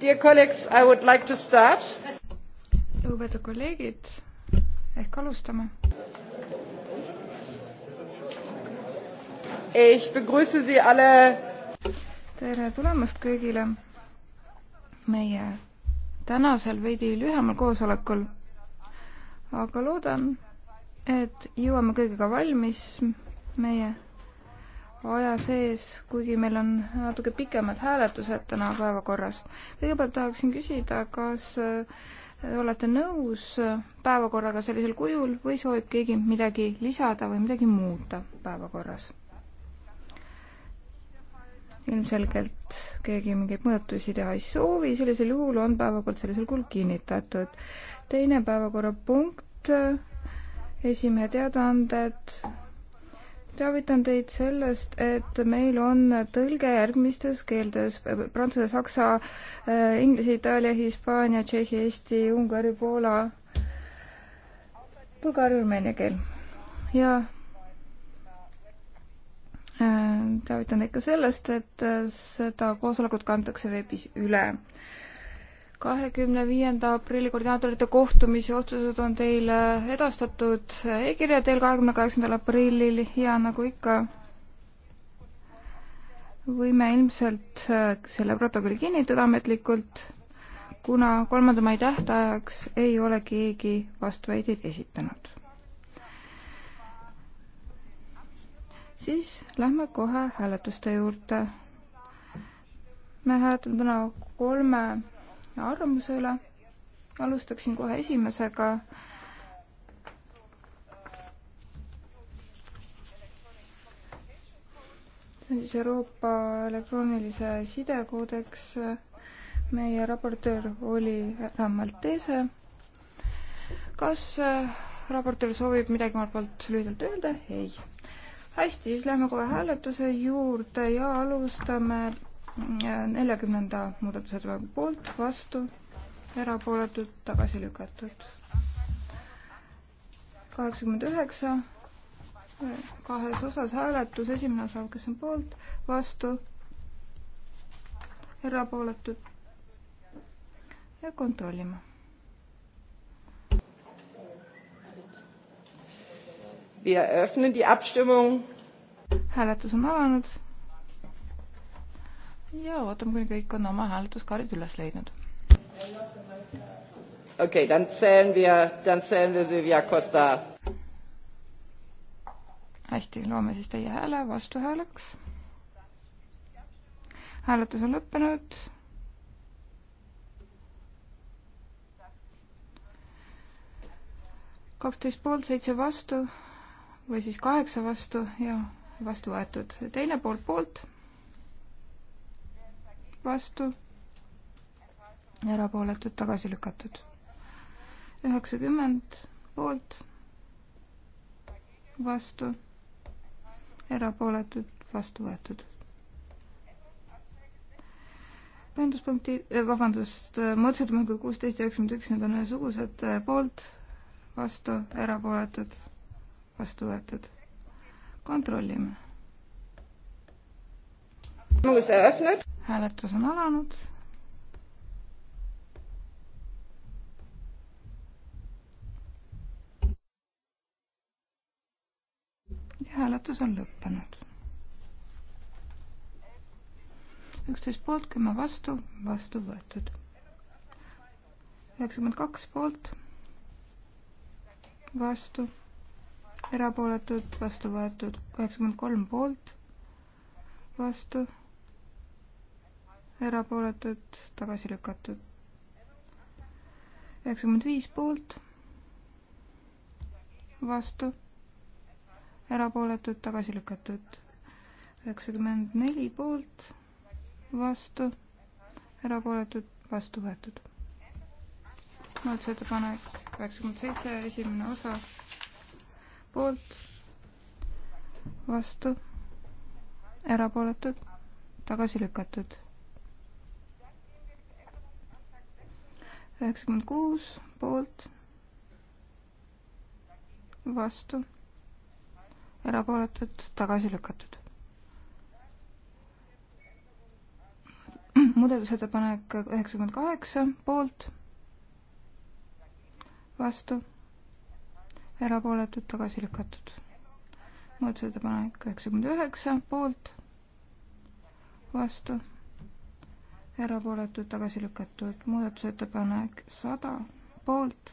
Dear colleagues, I would like to start. lugupeetud kolleegid, ehk alustame. Ich begrüße Sie alle. tere tulemast kõigile meie tänasel veidi lühemal koosolekul. aga loodan, et jõuame kõigega valmis meie aja sees, kuigi meil on natuke pikemad hääletused täna päevakorras. kõigepealt tahaksin küsida, kas äh, olete nõus äh, päevakorraga sellisel kujul või soovib keegi midagi lisada või midagi muuta päevakorras? ilmselgelt keegi mingeid muudatusi teha ei soovi, sellisel juhul on päevakord sellisel kujul kinnitatud. teine päevakorrapunkt, äh, esimehe teadaanded teavitan teid sellest, et meil on tõlge järgmistes keeltes prantsuse, saksa, äh, inglise, itaalia, hispaania, tšehhi, eesti, ungari, poola, bulgaaria, rumeenia keel ja äh, teavitan teid ka sellest, et äh, seda koosolekut kantakse veebis üle kahekümne viienda aprilli koordinaatorite kohtumise otsused on teile edastatud e-kirja teel kahekümne kaheksandal aprillil ja nagu ikka, võime ilmselt äh, selle protokolli kinnitada ametlikult, kuna kolmanda mai tähtajaks ei ole keegi vastuväiteid esitanud. siis lähme kohe hääletuste juurde. me hääletame täna kolme arvamuse üle. alustaksin kohe esimesega. see on siis Euroopa elektroonilise side koodeks. meie raportöör oli härra Maltese. kas äh, raportöör soovib midagi omalt poolt lühidalt öelda? ei hästi, siis lähme kohe hääletuse juurde ja alustame neljakümnenda muudatusettepaneku poolt, vastu, erapooletud, tagasi lükatud. kaheksakümmend üheksa, kahes osas hääletus, esimene osa, kes on poolt, vastu, erapooletud ja kontrollima Wir eröffnen die Abstimmung. Hääletus on alanud ja ootame, kuni kõik on oma hääletuskaardid üles leidnud. okei okay,, dann zählen wir, dann zählen wir Silvia Costa. hästi, loome siis teie hääle vastuhääleks. hääletus on lõppenud. kaksteist poolt, seitse vastu või siis kaheksa vastu ja vastu võetud. teine pool poolt, poolt vastu, erapooletud, tagasi lükatud. üheksakümmend poolt, vastu, erapooletud, vastu võetud. põhjenduspunkti, eh, vabandust, muudatusettepanekud kuusteist ja üheksakümmend üks, need on ühesugused, eh, poolt, vastu, erapooletud, vastu võetud. kontrollime hääletus on alanud. ja hääletus on lõppenud. üksteist poolt, kümme vastu, vastu võetud. üheksakümmend kaks poolt, vastu, erapooletud, vastu võetud, üheksakümmend kolm poolt, vastu erapooletud, tagasi lükatud. üheksakümmend viis poolt, vastu, erapooletud, tagasi lükatud. üheksakümmend neli poolt, vastu, erapooletud, vastu võetud. muudatusettepanek üheksakümmend seitse, esimene osa, poolt, vastu, erapooletud, tagasi lükatud üheksakümmend kuus poolt, vastu, erapooletud, tagasi lükatud. muudatusettepanek üheksakümmend kaheksa poolt, vastu, erapooletud, tagasi lükatud. muudatusettepanek üheksakümmend üheksa poolt, vastu erapooletud, tagasi lükatud. muudatusettepanek sada, poolt,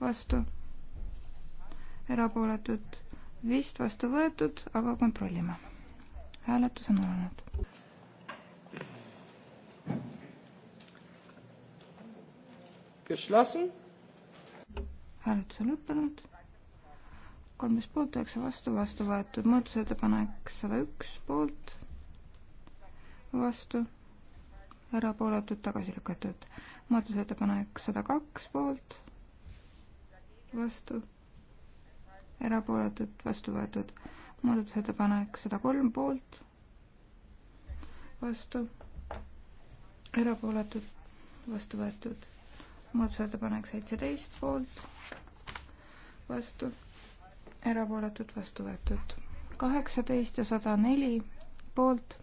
vastu, erapooletud, vist vastu võetud, aga kontrollime. hääletus on alanud. Geschlossen. hääletus on lõppenud kolmteist poolt, üheksa vastu, vastu võetud muudatusettepanek sada üks poolt, vastu, erapooletud, tagasi lükatud. muudatusettepanek sada kaks poolt, vastu, erapooletud, vastu võetud. muudatusettepanek sada kolm poolt, vastu, erapooletud, vastu võetud. muudatusettepanek seitseteist poolt, vastu, erapooletud, vastu võetud. kaheksateist ja sada neli poolt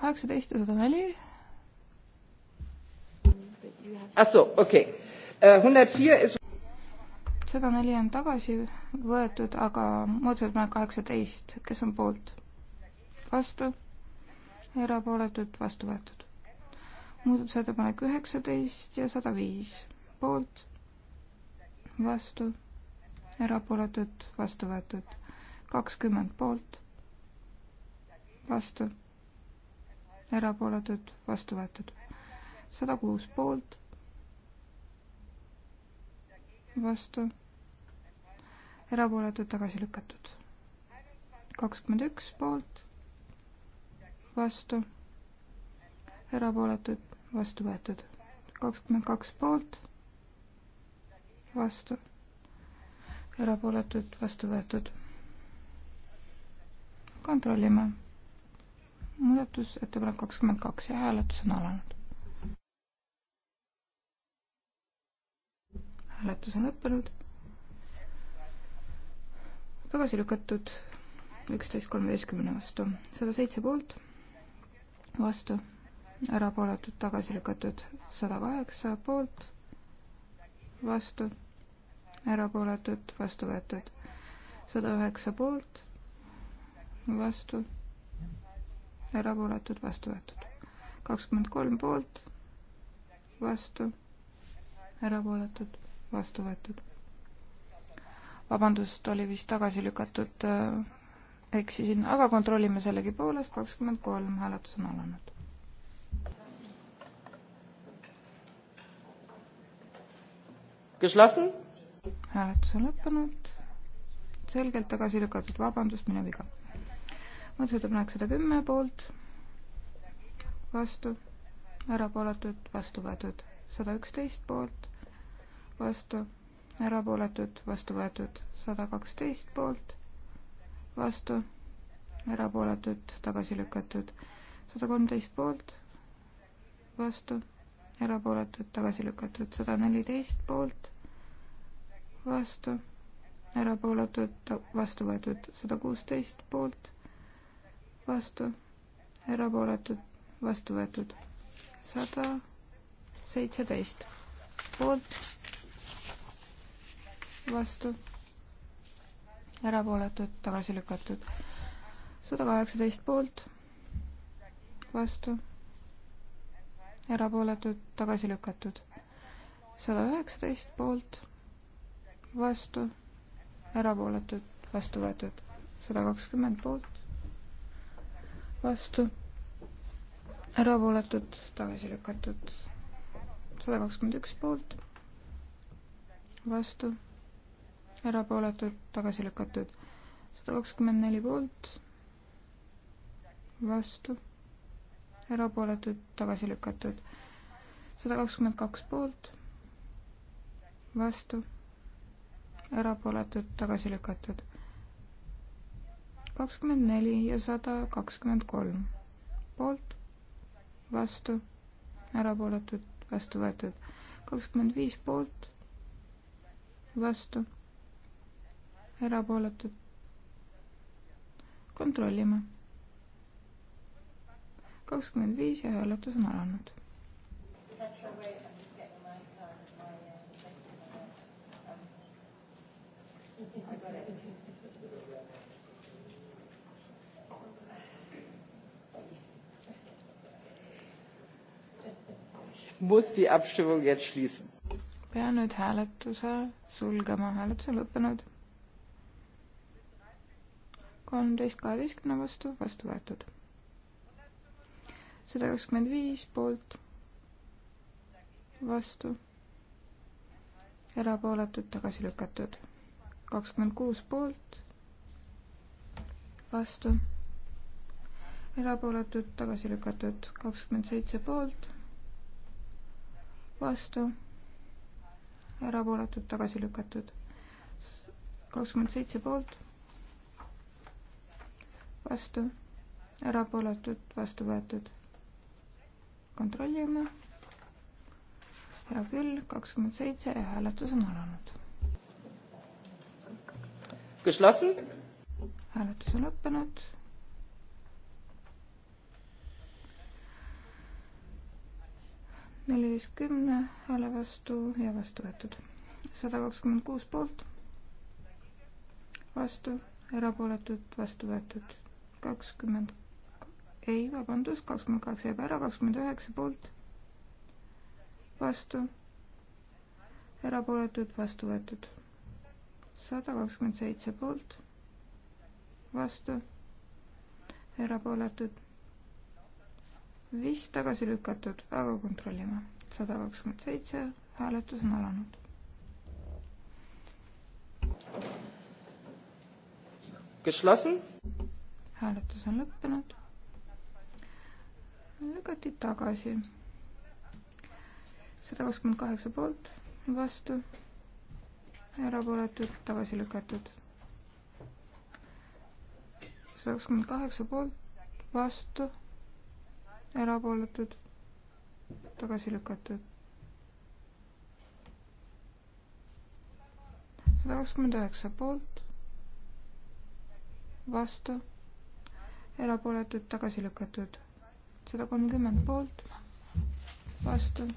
kaheksateist ja sada neli. ahsoo, okei okay.. Äh, sada neli on tagasi võetud, aga muudatusettepanek kaheksateist, kes on poolt? vastu? erapooletud, vastu võetud. muudatusettepanek üheksateist ja sada viis, poolt, vastu, erapooletud, vastu võetud, kakskümmend poolt, vastu erapooletud, vastu võetud. sada kuus poolt, vastu, erapooletud, tagasi lükatud. kakskümmend üks poolt, vastu, erapooletud, vastu võetud. kakskümmend kaks poolt, vastu, erapooletud, vastu võetud. kontrollime muudatusettepanek kakskümmend kaks ja hääletus on alanud. hääletus on lõppenud. tagasi lükatud üksteist kolmeteistkümne vastu, sada seitse poolt, vastu, erapooletud, tagasi lükatud, sada kaheksa poolt, vastu, erapooletud, vastu võetud, sada üheksa poolt, vastu erapooletud, vastu võetud. kakskümmend kolm poolt, vastu, erapooletud, vastu võetud. vabandust, oli vist tagasi lükatud, äh, eksisin, aga kontrollime sellegipoolest, kakskümmend kolm hääletus on alanud. Geschlossen? hääletus on lõppenud, selgelt tagasi lükatud, vabandust, minu viga muudatusettepanek sada kümme poolt, vastu, erapooletud, vastu võetud. sada üksteist poolt, vastu, erapooletud, vastu võetud. sada kaksteist poolt, vastu, erapooletud, tagasi lükatud. sada kolmteist poolt, vastu erapooletud tagasi lükatud sada neliteist poolt, vastu, erapooletud vastu võetud sada kuusteist poolt, vastu, erapooletud, vastu võetud sada seitseteist poolt, vastu, erapooletud, tagasi lükatud sada kaheksateist poolt, vastu, erapooletud, tagasi lükatud sada üheksateist poolt, vastu, erapooletud, vastu võetud sada kakskümmend poolt, vastu, erapooletud, tagasi lükatud. sada kakskümmend üks poolt, vastu, erapooletud, tagasi lükatud. sada kakskümmend neli poolt, vastu, erapooletud, tagasi lükatud. sada kakskümmend kaks poolt, vastu, erapooletud, tagasi lükatud kakskümmend neli ja sada kakskümmend kolm poolt, vastu, erapooletud, vastu võetud. kakskümmend viis poolt, vastu, erapooletud. kontrollime. kakskümmend viis ja hääletus on alanud. I got it. muss die Abstimmung jetzt schließen. pean nüüd hääletuse sulgema, hääletus on lõppenud. kolmteist kaheteistkümne vastu, vastu võetud. sada kakskümmend viis poolt, vastu, erapooletud, tagasi lükatud. kakskümmend kuus poolt, vastu, erapooletud, tagasi lükatud, kakskümmend seitse poolt vastu, erapooletud, tagasi lükatud. kakskümmend seitse poolt, vastu, erapooletud, vastu võetud. kontrollime. hea küll, kakskümmend seitse ja hääletus on alanud. hääletus on lõppenud neliteist kümne hääle vastu ja vastu võetud. sada kakskümmend kuus poolt, vastu, erapooletud, vastu võetud. kakskümmend, ei, vabandust, kakskümmend kaheksa jääb ära, kakskümmend üheksa poolt, vastu, erapooletud, vastu võetud. sada kakskümmend seitse poolt, vastu, erapooletud vist tagasi lükatud, aga kontrollime. sada kakskümmend seitse, hääletus on alanud. Geschlossen. hääletus on lõppenud. lükati tagasi. sada kakskümmend kaheksa poolt, vastu, erapooletud, tagasi lükatud. sada kakskümmend kaheksa poolt, vastu erapooletud, tagasi lükatud. sada kakskümmend üheksa poolt, vastu, erapooletud, tagasi lükatud. sada kolmkümmend poolt, vastu,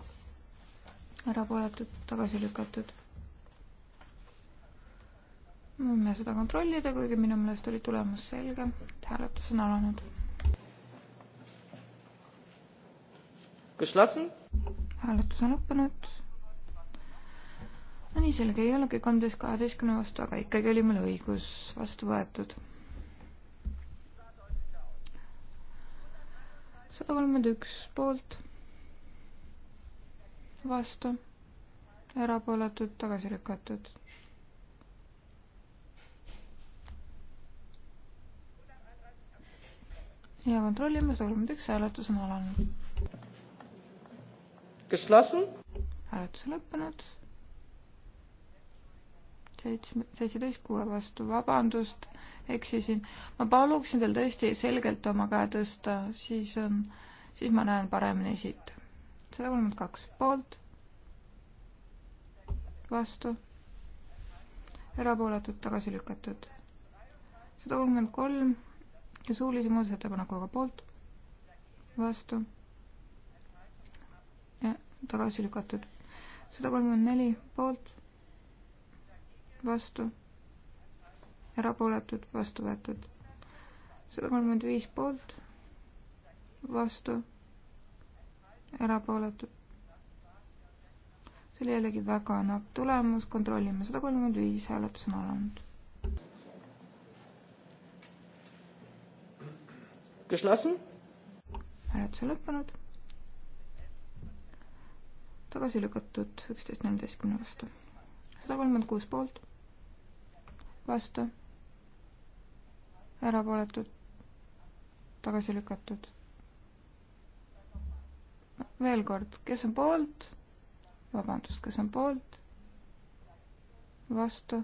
erapooletud, tagasi lükatud. me võime seda kontrollida, kuigi minu meelest oli tulemus selge, hääletus on alanud hääletus on lõppenud. no nii, selge ei olegi kolmteist kaheteistkümne vastu, aga ikkagi oli meil õigus vastu võetud. sada kolmkümmend üks poolt, vastu, erapooletud, tagasi lükatud ja kontrollime, see kolmandaks hääletus on alanud geschlossen. hääletus lõppenud. seitsme, seitseteist kuue vastu, vabandust, eksisin. ma paluksin teil tõesti selgelt oma käe tõsta, siis on, ähm, siis ma näen paremini siit. sada kolmkümmend kaks poolt, vastu, erapooletud, tagasi lükatud. sada kolmkümmend kolm ja suulise muudatusettepanekuga poolt, vastu tagasi lükatud. sada kolmkümmend neli poolt, vastu, erapooletud, vastu võetud. sada kolmkümmend viis poolt, vastu, erapooletud. see oli jällegi väga napp tulemus, kontrollime, sada kolmkümmend viis hääletus on alanud. geschlossen? hääletus on lõppenud tagasi lükatud üksteist neljateistkümne vastu. sada kolmkümmend kuus poolt, vastu, erapooletud, tagasi lükatud. veel kord, kes on poolt, vabandust, kes on poolt, vastu,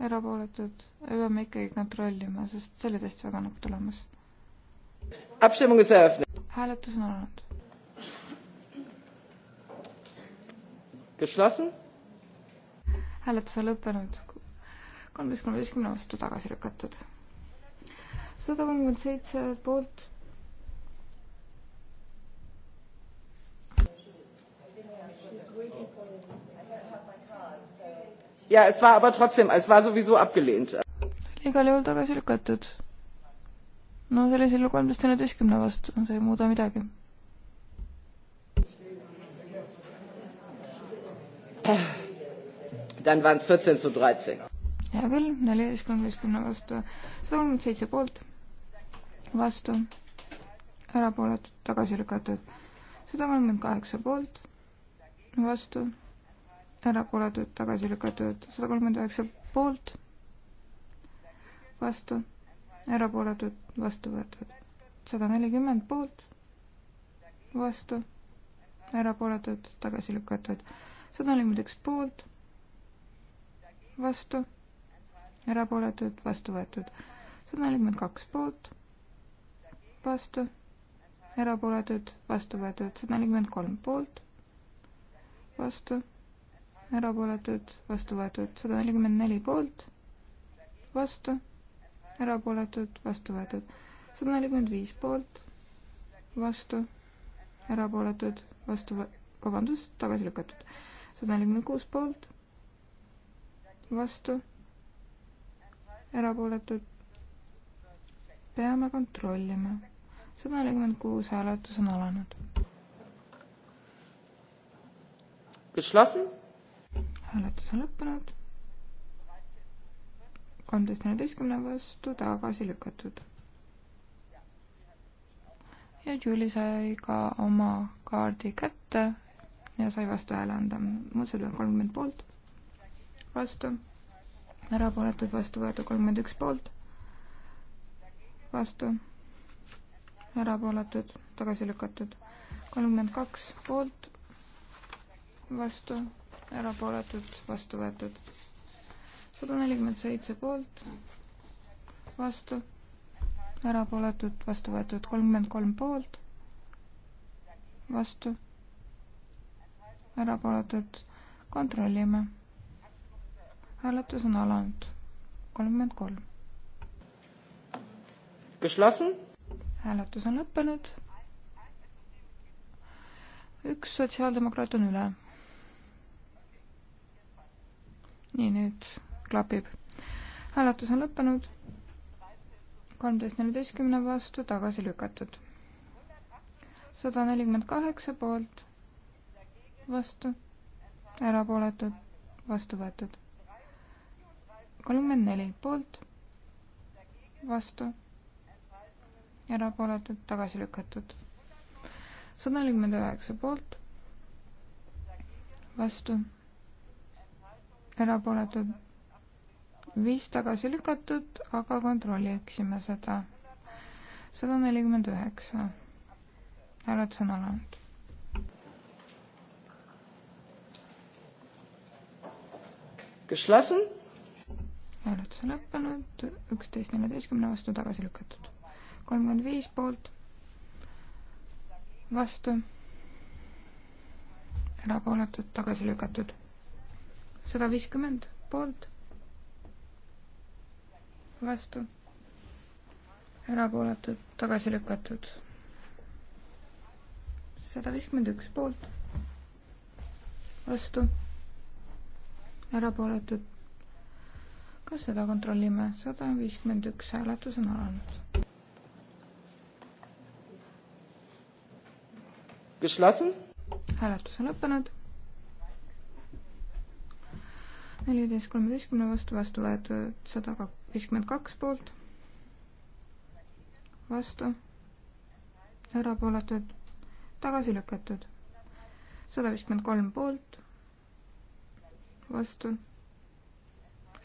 erapooletud, peame ikkagi kontrollima, sest see oli tõesti väga napp nagu tulemus. hääletus on alanud geschlossen. hääletus on lõppenud. kolmteist kolmeteistkümne vastu tagasi lükatud. sada kolmkümmend seitse poolt. ja, es war aber trotzdem, es war sowieso abgelehnt. igal juhul tagasi lükatud. no sellisel juhul kolmteist neljateistkümne vastu, see ei muuda midagi Dann waren es 14 zu 13. hea küll, neljateistkümne vastu. sõnum seitse poolt, vastu, erapooletud, tagasi lükatud. sada kolmkümmend kaheksa poolt, vastu, erapooletud, tagasi lükatud. sada kolmkümmend üheksa poolt, vastu, erapooletud, vastu võetud. sada nelikümmend poolt, vastu erapooletud, tagasi lükatud sada nelikümmend üks poolt, vastu, erapooletud, vastu võetud. sada nelikümmend kaks poolt, vastu, erapooletud, vastu võetud. sada nelikümmend kolm poolt, vastu, erapooletud, vastu võetud. sada nelikümmend neli poolt, vastu, erapooletud, vastu võetud. sada nelikümmend viis poolt, vastu, erapooletud, vastu, vabandust, tagasi lükatud sada nelikümmend kuus poolt, vastu, erapooletud. peame kontrollima. sada nelikümmend kuus hääletus on alanud. hääletus on lõppenud. kolmteist neljateistkümne vastu tagasi lükatud ja Julie sai ka oma kaardi kätte ja sai vastuhääle anda. muudatusettepanek kolmkümmend poolt, vastu, erapooletud, vastu võetud kolmkümmend üks poolt, vastu, erapooletud, tagasi lükatud kolmkümmend kaks poolt, vastu, erapooletud, vastu võetud sada nelikümmend seitse poolt, vastu, erapooletud, vastu võetud kolmkümmend kolm poolt, vastu erapooletud, kontrollime. hääletus on alanud. kolmkümmend kolm. Geschlossen. hääletus on lõppenud. üks sotsiaaldemokraat on üle. nii, nüüd klapib. hääletus on lõppenud. kolmteist neljateistkümne vastu tagasi lükatud. sada nelikümmend kaheksa poolt vastu, erapooletud, vastu võetud. kolmkümmend neli poolt, vastu, erapooletud, tagasi lükatud. sada nelikümmend üheksa poolt, vastu, erapooletud, viis tagasi lükatud, aga kontrolliksime seda. sada nelikümmend üheksa hääletus on alanud. geschlossen. hääletus on lõppenud, üksteist neljateistkümne vastu tagasi lükatud. kolmkümmend viis poolt, vastu, erapooletud, tagasi lükatud. sada viiskümmend poolt, vastu, erapooletud, tagasi lükatud. sada viiskümmend üks poolt, vastu erapooletud. kas seda kontrollime? sada viiskümmend üks hääletus on alanud. Geschlossen. hääletus on lõppenud. neliteist kolmeteistkümne vastu, vastu võetud sada viiskümmend kaks poolt. vastu, erapooletud, tagasi lükatud sada viiskümmend kolm poolt vastu,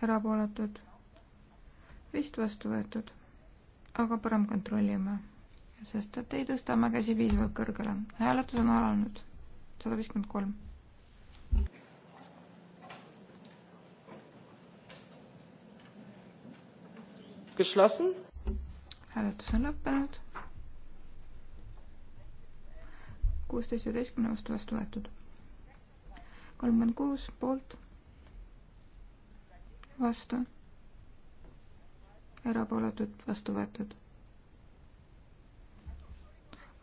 erapooletud, vist vastu võetud. aga parem kontrollime, sest et ei tõsta oma käsi piisavalt kõrgele. hääletus on alanud, sada viiskümmend kolm. Geschlossen? hääletus on lõppenud. kuusteist üheteistkümne vastu vastu võetud. kolmkümmend kuus poolt vastu, erapooletud, vastu võetud.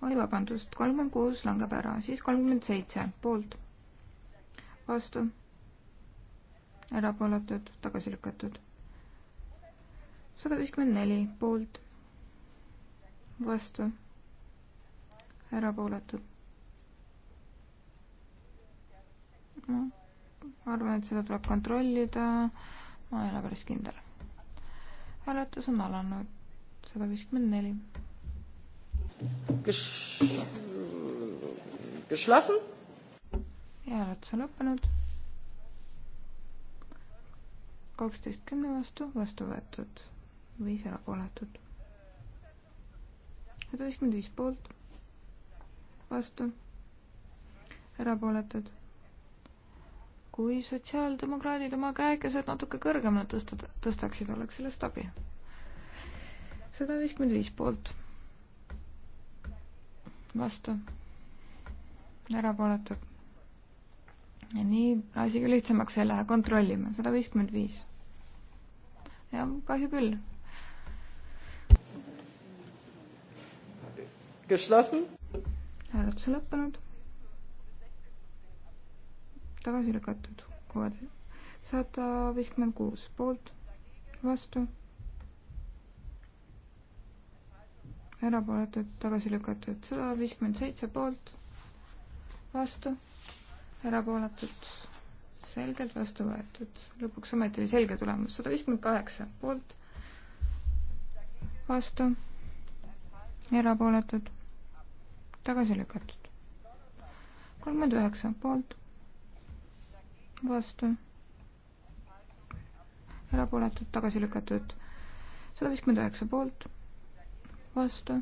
oi, vabandust, kolmkümmend kuus langeb ära, siis kolmkümmend seitse poolt, vastu, erapooletud, tagasi lükatud. sada viiskümmend neli poolt, vastu, erapooletud ma arvan, et seda tuleb kontrollida ma ei ole päris kindel. hääletus on alanud, sada viiskümmend neli. Geschlossen? ja hääletus on lõppenud. kaksteist kümne vastu, vastu võetud, viis erapooletut. sada viiskümmend viis poolt, vastu, erapooletud kui sotsiaaldemokraadid oma käekesed natuke kõrgemale tõsta, tõstaksid, oleks sellest abi. sada viiskümmend viis poolt. vastu. erapooletud. ja nii asi ka lihtsamaks ei lähe, kontrollime, sada viiskümmend viis. jah, kahju küll. Geschlossen? hääletus lõppenud tagasi lükatud. kohe sada viiskümmend kuus poolt, vastu. erapooletud, tagasi lükatud, sada viiskümmend seitse poolt, vastu, erapooletud, selgelt vastu võetud. lõpuks ometi oli selge tulemus, sada viiskümmend kaheksa poolt, vastu, erapooletud, tagasi lükatud. kolmkümmend üheksa poolt vastu, erapooletud, tagasi lükatud sada viiskümmend üheksa poolt, vastu,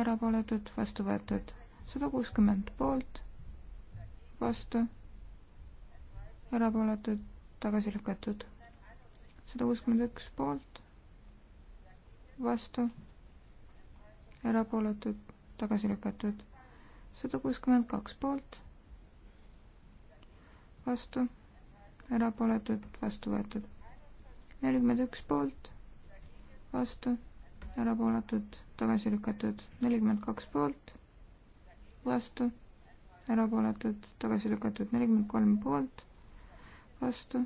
erapooletud, vastu võetud sada kuuskümmend poolt, vastu, erapooletud, tagasi lükatud sada kuuskümmend üks poolt, vastu, erapooletud, tagasi lükatud sada kuuskümmend kaks poolt vastu, erapooletud, vastu võetud. nelikümmend üks poolt, vastu, erapooletud, tagasi lükatud. nelikümmend kaks poolt, vastu, erapooletud, tagasi lükatud. nelikümmend kolm poolt, vastu,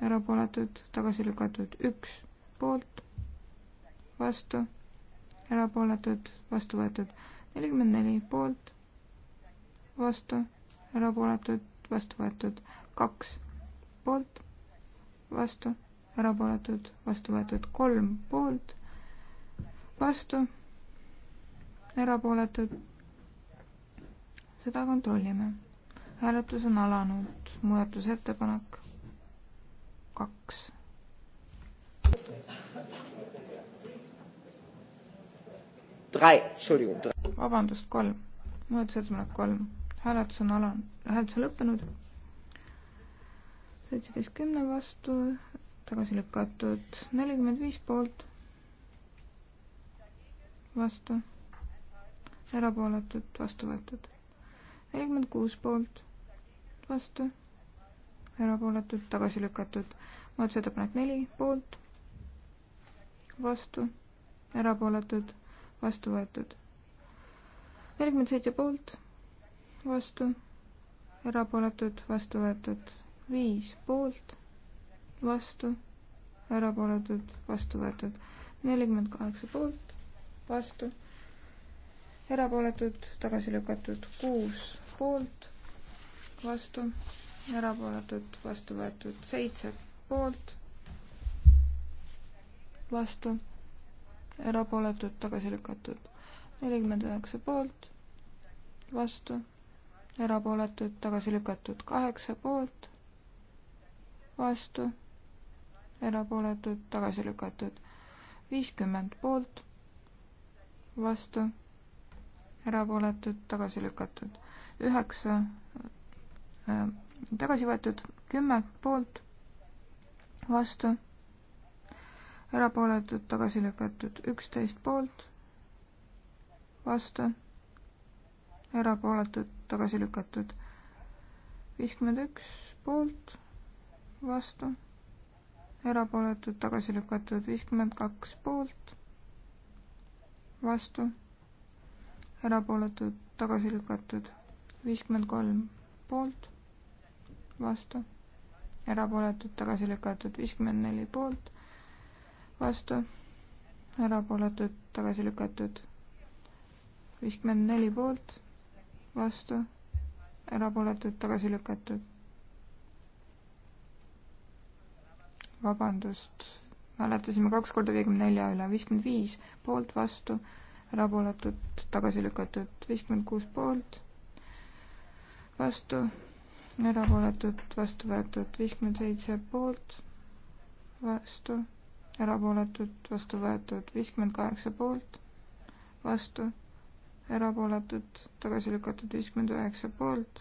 erapooletud, tagasi lükatud. üks poolt, vastu, erapooletud, vastu võetud. nelikümmend neli poolt, vastu, erapooletud, vastu võetud kaks poolt, vastu, erapooletud, vastu võetud kolm poolt, vastu, erapooletud. seda kontrollime. hääletus on alanud, muudatusettepanek kaks. vabandust, kolm, muudatusettepanek kolm hääletus on alanud, hääletus on lõppenud. seitseteist kümne vastu, tagasi lükatud nelikümmend viis poolt, vastu, erapooletud, vastu võetud. nelikümmend kuus poolt, vastu, erapooletud, tagasi lükatud. muudatusettepanek neli poolt, vastu, erapooletud, vastu võetud. nelikümmend seitse poolt vastu, erapooletud, vastu võetud viis poolt, vastu, erapooletud, vastu võetud nelikümmend kaheksa poolt, vastu, erapooletud, tagasi lükatud kuus poolt, vastu, erapooletud, vastu võetud seitse poolt, vastu, erapooletud, tagasi lükatud nelikümmend üheksa poolt, vastu, erapooletud, tagasi lükatud kaheksa poolt, vastu, erapooletud, tagasi lükatud viiskümmend poolt, vastu, erapooletud, tagasi lükatud üheksa äh,, tagasi võetud kümme poolt, vastu, erapooletud, tagasi lükatud üksteist poolt, vastu, erapooletud, tagasi lükatud. viiskümmend üks poolt, vastu, erapooletud, tagasi lükatud, viiskümmend kaks poolt, vastu, erapooletud, tagasi lükatud, viiskümmend kolm poolt, vastu, erapooletud, tagasi lükatud, viiskümmend neli poolt, vastu, erapooletud, tagasi lükatud, viiskümmend neli poolt vastu, erapooletud, tagasi lükatud. vabandust, hääletasime kaks korda viiekümne nelja üle, viiskümmend viis poolt, vastu, erapooletud, tagasi lükatud, viiskümmend kuus poolt, vastu, erapooletud, vastu võetud, viiskümmend seitse poolt, vastu, erapooletud, vastu võetud, viiskümmend kaheksa poolt, vastu erapooletud, tagasi lükatud viiskümmend üheksa poolt,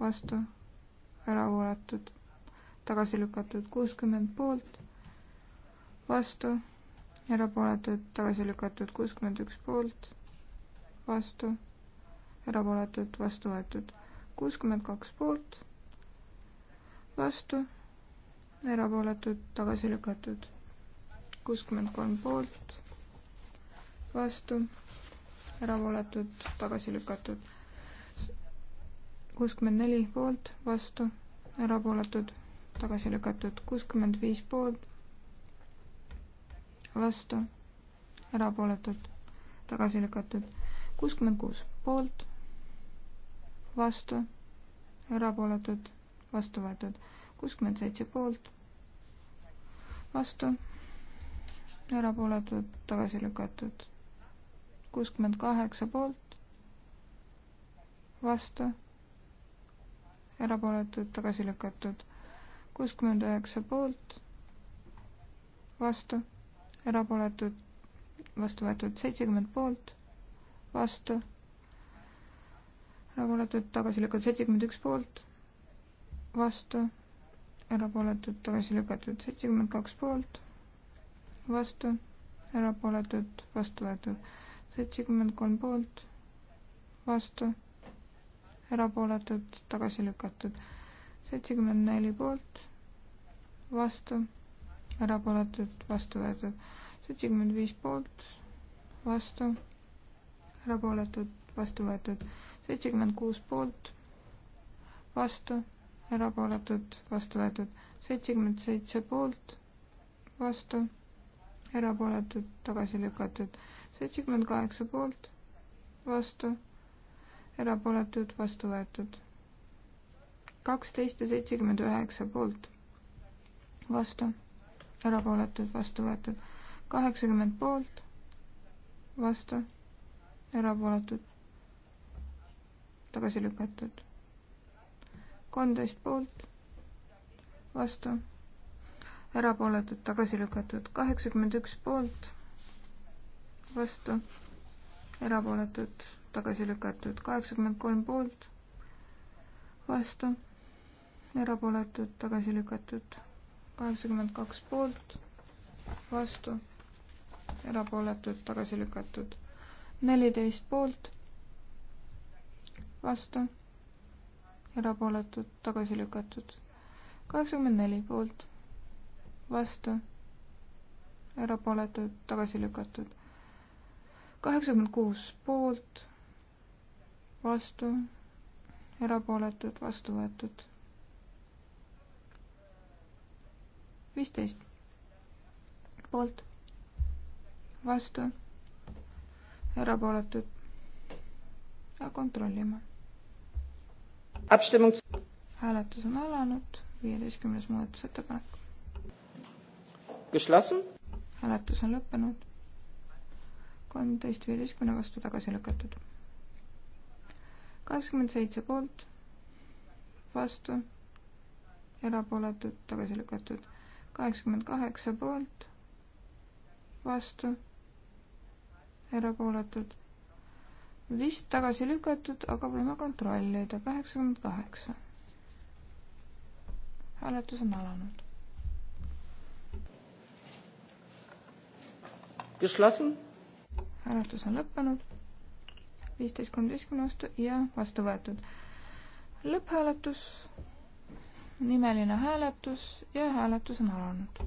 vastu, erapooletud, tagasi lükatud kuuskümmend poolt, vastu, erapooletud, tagasi lükatud kuuskümmend üks poolt, vastu, erapooletud, vastu võetud kuuskümmend kaks poolt, vastu, erapooletud, tagasi lükatud kuuskümmend kolm poolt, vastu, erapooletud, tagasi lükatud. kuuskümmend neli poolt, vastu, erapooletud, tagasi lükatud. kuuskümmend viis poolt, vastu, erapooletud, tagasi lükatud. kuuskümmend kuus poolt, vastu, erapooletud, vastu võetud. kuuskümmend seitse poolt, vastu, erapooletud, tagasi lükatud kuuskümmend kaheksa poolt, vastu, erapooletud, tagasi lükatud. kuuskümmend üheksa poolt, vastu, erapooletud, vastu võetud seitsekümmend poolt, vastu, erapooletud, tagasi lükatud seitsekümmend üks poolt, vastu, erapooletud, tagasi lükatud seitsekümmend kaks poolt, vastu, erapooletud, vastu võetud seitsekümmend kolm poolt, vastu, erapooletud, tagasi lükatud. seitsekümmend neli poolt, vastu, erapooletud, vastu võetud. seitsekümmend viis poolt, vastu, erapooletud, vastu võetud. seitsekümmend kuus poolt, vastu, erapooletud, vastu võetud. seitsekümmend seitse poolt, vastu erapooletud, tagasi lükatud. seitsekümmend kaheksa poolt, vastu, erapooletud, vastu võetud. kaksteist ja seitsekümmend üheksa poolt, vastu, erapooletud, vastu võetud. kaheksakümmend poolt, vastu, erapooletud, tagasi lükatud. kolmteist poolt, vastu erapooletud, tagasi lükatud, kaheksakümmend üks poolt, vastu, erapooletud, tagasi lükatud, kaheksakümmend kolm poolt, vastu, erapooletud, tagasi lükatud, kaheksakümmend kaks poolt, vastu, erapooletud, tagasi lükatud, neliteist poolt, vastu, erapooletud, tagasi lükatud, kaheksakümmend neli poolt vastu, erapooletud, tagasi lükatud. kaheksakümmend kuus poolt, vastu, erapooletud, vastu võetud. viisteist poolt, vastu, erapooletud ja kontrollime. hääletus on alanud, viieteistkümnes muudatusettepanek hääletus on lõppenud. kolmteist viieteistkümne vastu tagasi lükatud. kaheksakümmend seitse poolt, vastu, erapooletud, tagasi lükatud. kaheksakümmend kaheksa poolt, vastu, erapooletud. vist tagasi lükatud, aga võime kontrollida. kaheksakümmend kaheksa. hääletus on alanud hääletus on lõppenud. viisteist kolmeteistkümne vastu ja vastu võetud. lõpphääletus, nimeline hääletus ja hääletus on alanud.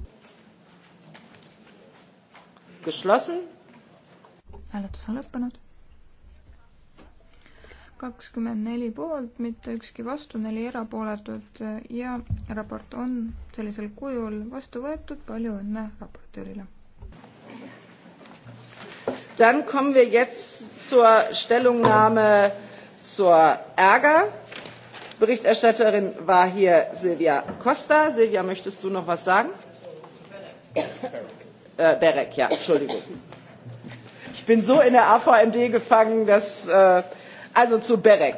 hääletus on lõppenud kakskümmend neli poolt, mitte ükski vastu, neli erapooletut ja raport on sellisel kujul vastu võetud. palju õnne raportöörile! Dann kommen wir jetzt zur Stellungnahme zur Ärger. Berichterstatterin war hier Silvia Costa. Silvia, möchtest du noch was sagen? Äh, Berek, ja, Entschuldigung. Ich bin so in der AVMD gefangen, dass. Äh, also zu Berek.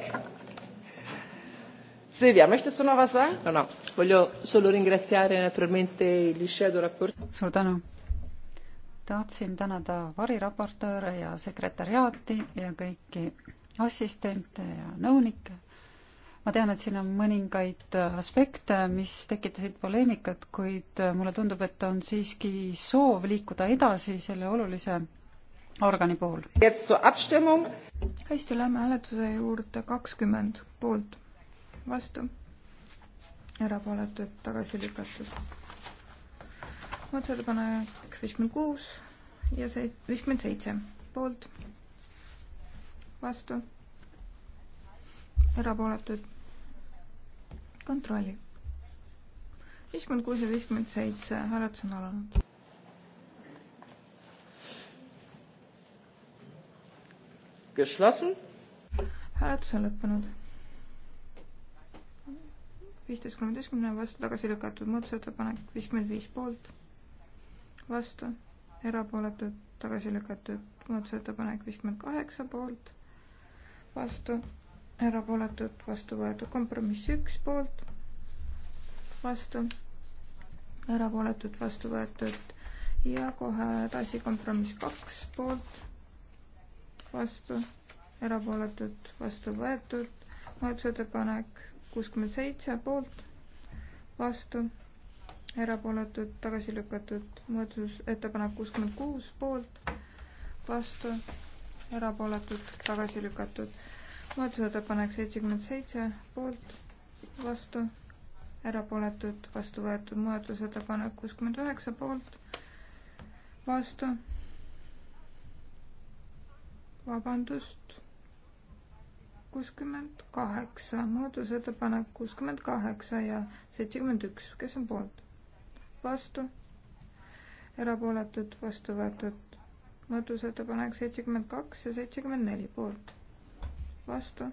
Silvia, möchtest du noch was sagen? No, no. Voglio solo ringraziare naturalmente il Shadow Rapporteur. Suur tänu tahtsin tänada variraportööre ja sekretäriaati ja kõiki assistente ja nõunikke. ma tean, et siin on mõningaid aspekte, mis tekitasid poleemikat, kuid mulle tundub, et on siiski soov liikuda edasi selle olulise organi puhul. hästi, lähme hääletuse juurde, kakskümmend poolt, vastu, erapooletud, tagasi lükatud muudatusettepanek viiskümmend kuus ja see viiskümmend seitse poolt, vastu, erapooletud, kontrolli. viiskümmend kuus ja viiskümmend seitse, hääletus on alanud. Geschlossen. hääletus on lõppenud viisteist kolmeteistkümne vastu tagasi lükatud muudatusettepanek viiskümmend viis poolt, vastu, erapooletud, tagasi lükatud muudatusettepanek viiskümmend kaheksa poolt, vastu, erapooletud, vastu võetud kompromiss üks poolt, vastu, erapooletud, vastu võetud ja kohe edasi kompromiss kaks poolt, vastu, erapooletud, vastu võetud, muudatusettepanek kuuskümmend seitse poolt, vastu erapooletud, tagasi lükatud, muudatusettepanek kuuskümmend kuus poolt, vastu, erapooletud, tagasi lükatud, muudatusettepanek seitsekümmend seitse poolt, vastu, erapooletud, vastu võetud, muudatusettepanek kuuskümmend üheksa poolt, vastu, vabandust kuuskümmend kaheksa, muudatusettepanek kuuskümmend kaheksa ja seitsekümmend üks, kes on poolt? vastu, erapooletud, vastu võetud muudatusettepanek seitsekümmend kaks ja seitsekümmend neli poolt, vastu,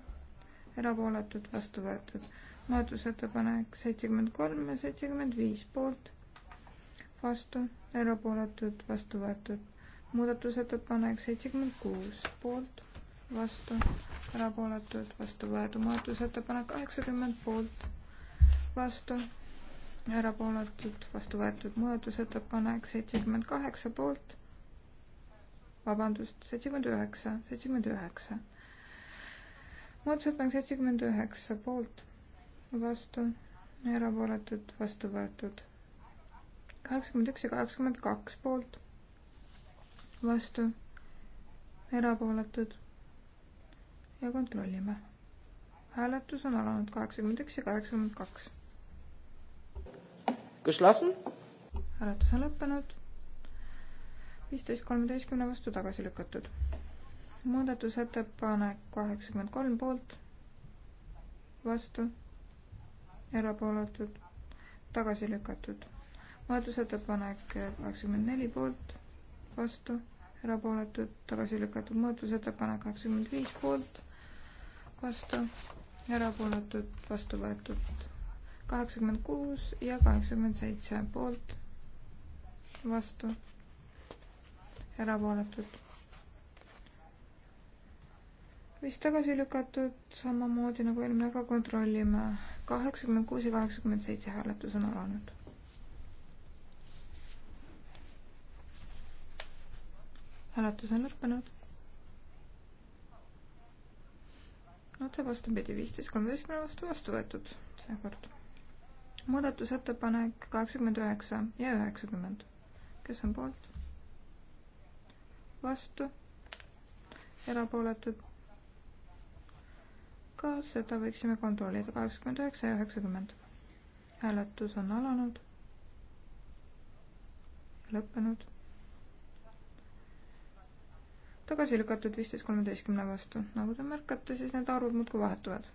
erapooletud, vastu võetud muudatusettepanek seitsekümmend kolm ja seitsekümmend viis poolt, vastu, erapooletud, vastu võetud muudatusettepanek seitsekümmend kuus poolt, vastu, erapooletud, vastu võetud muudatusettepanek kaheksakümmend poolt, vastu, erapooletult vastu võetud muudatusettepanek seitsekümmend kaheksa poolt, vabandust, seitsekümmend üheksa, seitsekümmend üheksa. muudatusettepanek seitsekümmend üheksa poolt, vastu, erapooletult vastu võetud kaheksakümmend üks ja kaheksakümmend kaks poolt, vastu, erapooletud ja kontrollime. hääletus on alanud kaheksakümmend üks ja kaheksakümmend kaks geschlossen. hääletus on lõppenud. viisteist kolmeteistkümne vastu tagasi lükatud. muudatusettepanek kaheksakümmend kolm poolt, vastu, erapooletud, tagasi lükatud. muudatusettepanek kaheksakümmend neli poolt, vastu, erapooletud, tagasi lükatud. muudatusettepanek kaheksakümmend viis poolt, vastu, erapooletud, vastu võetud kaheksakümmend kuus ja kaheksakümmend seitse poolt, vastu, erapooletud. vist tagasi lükatud samamoodi nagu eelmine, aga kontrollime. kaheksakümmend kuus ja kaheksakümmend seitse hääletus on alanud hääletus on lõppenud. otse vastupidi, viisteist kolmeteistkümne vastu vastu võetud seekord muudatusettepanek kaheksakümmend üheksa ja üheksakümmend. kes on poolt? vastu? erapooletud? ka seda võiksime kontrollida, kaheksakümmend üheksa ja üheksakümmend. hääletus on alanud. lõppenud. tagasi lükatud viisteist kolmeteistkümne vastu, nagu te märkate, siis need arvud muudkui vahetuvad.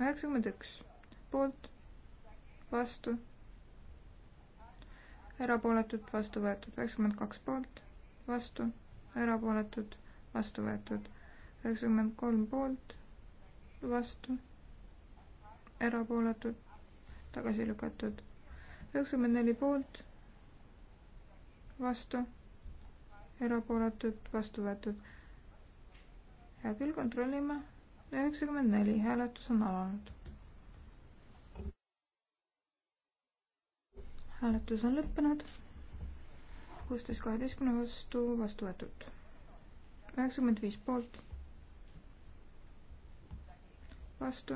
üheksakümmend üks poolt, vastu, erapooletud, vastu võetud, üheksakümmend kaks poolt, vastu, erapooletud, vastu võetud, üheksakümmend kolm poolt, vastu, erapooletud, tagasi lükatud, üheksakümmend neli poolt, vastu, erapooletud, vastu võetud. hea küll, kontrollime, üheksakümmend neli, hääletus on alanud hääletus on lõppenud. kuusteist kaheteistkümne vastu, vastu võetud. üheksakümmend viis poolt. vastu.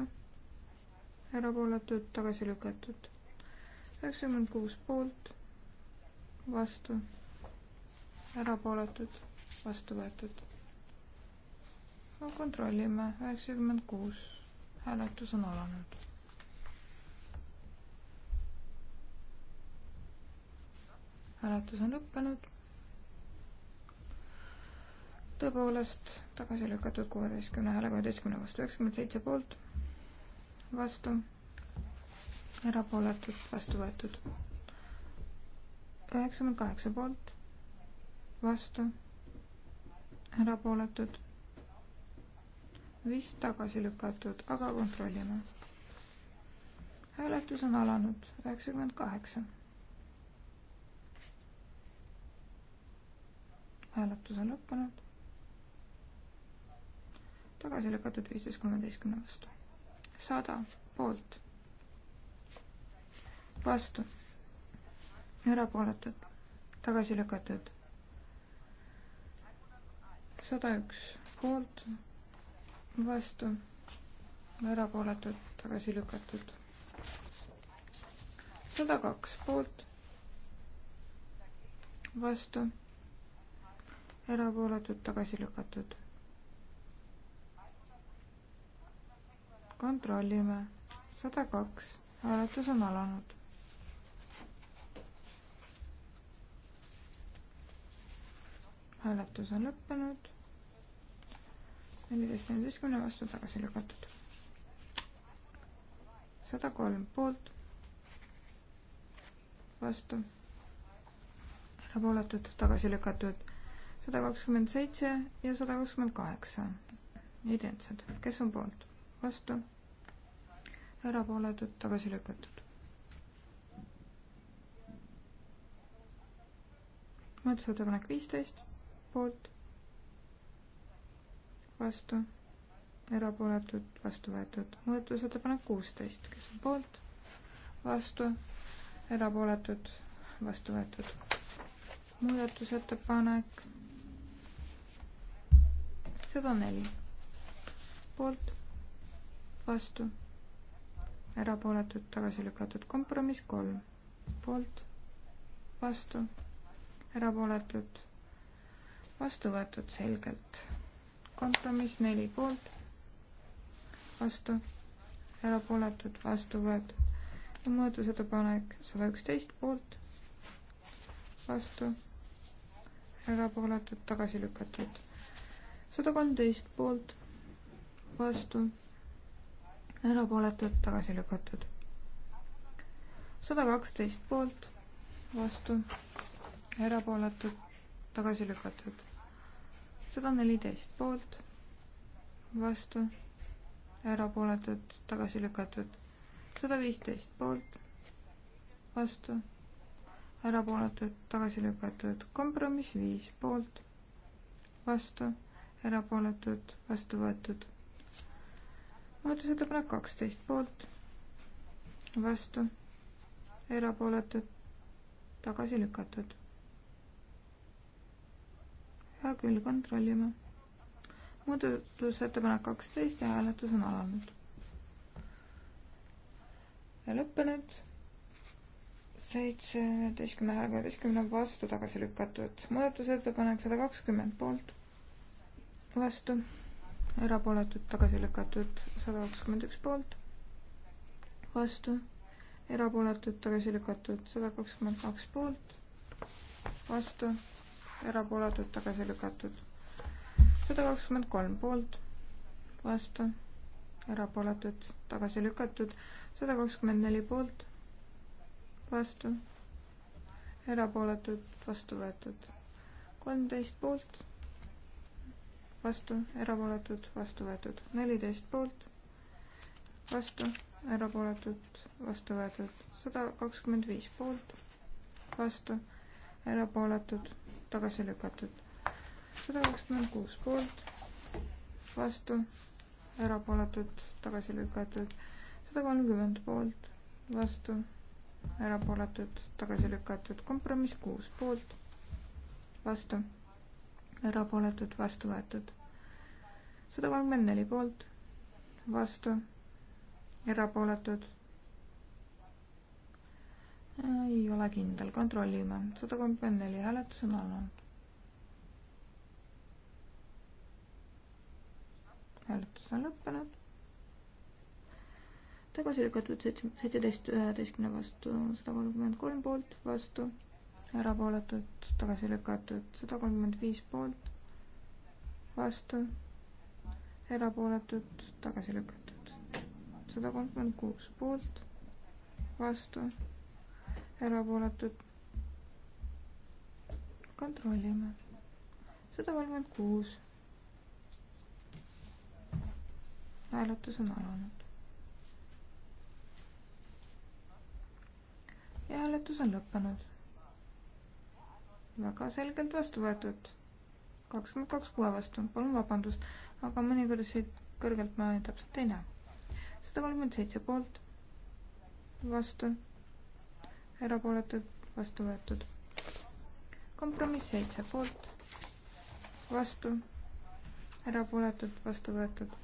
erapooletud, tagasi lükatud. üheksakümmend kuus poolt. vastu. erapooletud, vastu võetud. kontrollime, üheksakümmend kuus. hääletus on alanud hääletus on lõppenud. tõepoolest tagasi lükatud kuueteistkümne hääle, kaheteistkümne vastu, üheksakümmend seitse poolt, vastu, erapooletud, vastu võetud. üheksakümmend kaheksa poolt, vastu, erapooletud, vist tagasi lükatud, aga kontrollime. hääletus on alanud, üheksakümmend kaheksa hääletus on lõppenud. tagasi lükatud viisteist kolmeteistkümne vastu. sada poolt. vastu. erapooletud. tagasi lükatud. sada üks poolt. vastu. erapooletud. tagasi lükatud. sada kaks poolt. vastu erapooletud, tagasi lükatud. kontrollime, sada kaks, hääletus on alanud. hääletus on lõppenud. neliteist, neljateistkümne vastu tagasi lükatud. sada kolm poolt, vastu, erapooletud, tagasi lükatud sada kakskümmend seitse ja sada kakskümmend kaheksa. identsed, kes on poolt, vastu, erapooletud, tagasi lükatud. muudatusettepanek viisteist, poolt, vastu, erapooletud, vastu võetud. muudatusettepanek kuusteist, kes on poolt, vastu, erapooletud, vastu võetud. muudatusettepanek sada neli poolt, vastu, erapooletud, tagasi lükatud, kompromiss kolm poolt, vastu, erapooletud, vastu võetud selgelt, kompromiss neli poolt, vastu, erapooletud, vastu võetud ja muudatusettepanek sada üksteist poolt, vastu, erapooletud, tagasi lükatud sada kolmteist poolt, vastu, erapooletud, tagasi lükatud. sada kaksteist poolt, vastu, erapooletud, tagasi lükatud. sada neliteist poolt, vastu, erapooletud, tagasi lükatud. sada viisteist poolt, vastu, erapooletud, tagasi lükatud. kompromiss viis poolt, vastu erapooletud, vastu võetud. muudatusettepanek kaksteist poolt, vastu, erapooletud, tagasi lükatud. hea küll, kontrollime. muudatusettepanek kaksteist ja hääletus on alanud. ja lõppenud seitse, üheteistkümne häälega üheteistkümne vastu tagasi lükatud. muudatusettepanek sada kakskümmend poolt vastu, erapooletud, tagasi lükatud sada kakskümmend üks poolt, vastu, erapooletud, tagasi lükatud sada kakskümmend kaks poolt, vastu, erapooletud, tagasi lükatud sada kakskümmend kolm poolt, vastu, erapooletud, tagasi lükatud, sada kakskümmend neli poolt, vastu, erapooletud, vastu võetud, kolmteist poolt vastu, erapooletud, vastu võetud neliteist poolt, vastu, erapooletud, vastu võetud sada kakskümmend viis poolt, vastu, erapooletud, tagasi lükatud sada kakskümmend kuus poolt, vastu, erapooletud, tagasi lükatud sada kolmkümmend poolt, vastu, erapooletud, tagasi lükatud kompromiss kuus poolt, vastu erapooletud, vastu võetud. sada kolmkümmend neli poolt, vastu, erapooletud. ei ole kindel, kontrollime. sada kolmkümmend neli, hääletus on alanud. hääletus on lõppenud. tagasi lükatud seitse, seitseteist üheteistkümne vastu, sada kolmkümmend kolm poolt, vastu erapooletud, tagasi lükatud, sada kolmkümmend viis poolt, vastu, erapooletud, tagasi lükatud, sada kolmkümmend kuus poolt, vastu, erapooletud, kontrollime, sada kolmkümmend kuus, hääletus on alanud. ja hääletus on lõppenud väga selgelt vastu võetud. kakskümmend kaks kuue vastu, palun vabandust, aga mõnikord siit kõrgelt ma täpselt ei näe. sada kolmkümmend seitse poolt, vastu, erapooletud, vastu võetud. kompromiss seitse poolt, vastu, erapooletud, vastu võetud.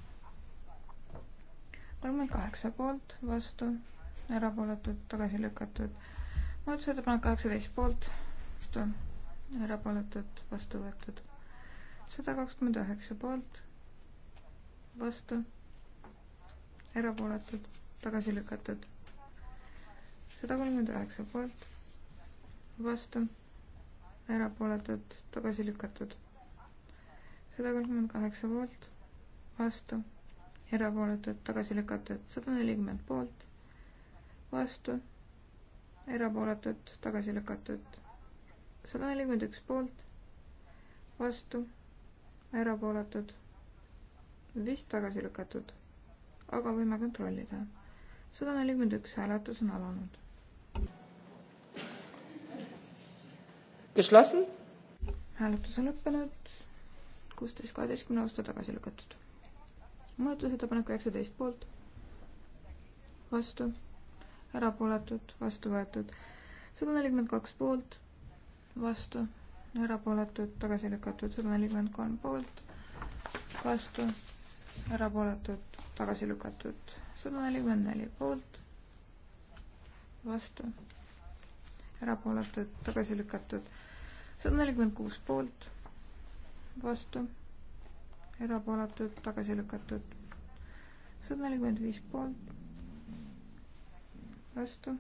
kolmkümmend kaheksa poolt, vastu, erapooletud, tagasi lükatud. muudatusettepanek kaheksateist poolt, vastu erapooletud, vastu võetud. sada kakskümmend üheksa poolt, vastu, erapooletud, tagasi lükatud. sada kolmkümmend üheksa poolt, vastu, erapooletud, tagasi lükatud. sada kolmkümmend kaheksa poolt, vastu, erapooletud, tagasi lükatud. sada nelikümmend poolt, vastu, erapooletud, tagasi lükatud sada nelikümmend üks poolt, vastu, erapooletud, vist tagasi lükatud, aga võime kontrollida. sada nelikümmend üks hääletus on alanud. Geschlossen? hääletus on lõppenud, kuusteist kaheteistkümne vastu tagasi lükatud. muudatusettepanek üheksateist poolt, vastu, erapooletud, vastu võetud, sada nelikümmend kaks poolt vastu, erapooletud, tagasi lükatud sada nelikümmend kolm poolt, vastu, erapooletud, tagasi lükatud sada nelikümmend neli poolt, vastu, erapooletud, tagasi lükatud sada nelikümmend kuus poolt, vastu, erapooletud, tagasi lükatud sada nelikümmend viis poolt, vastu,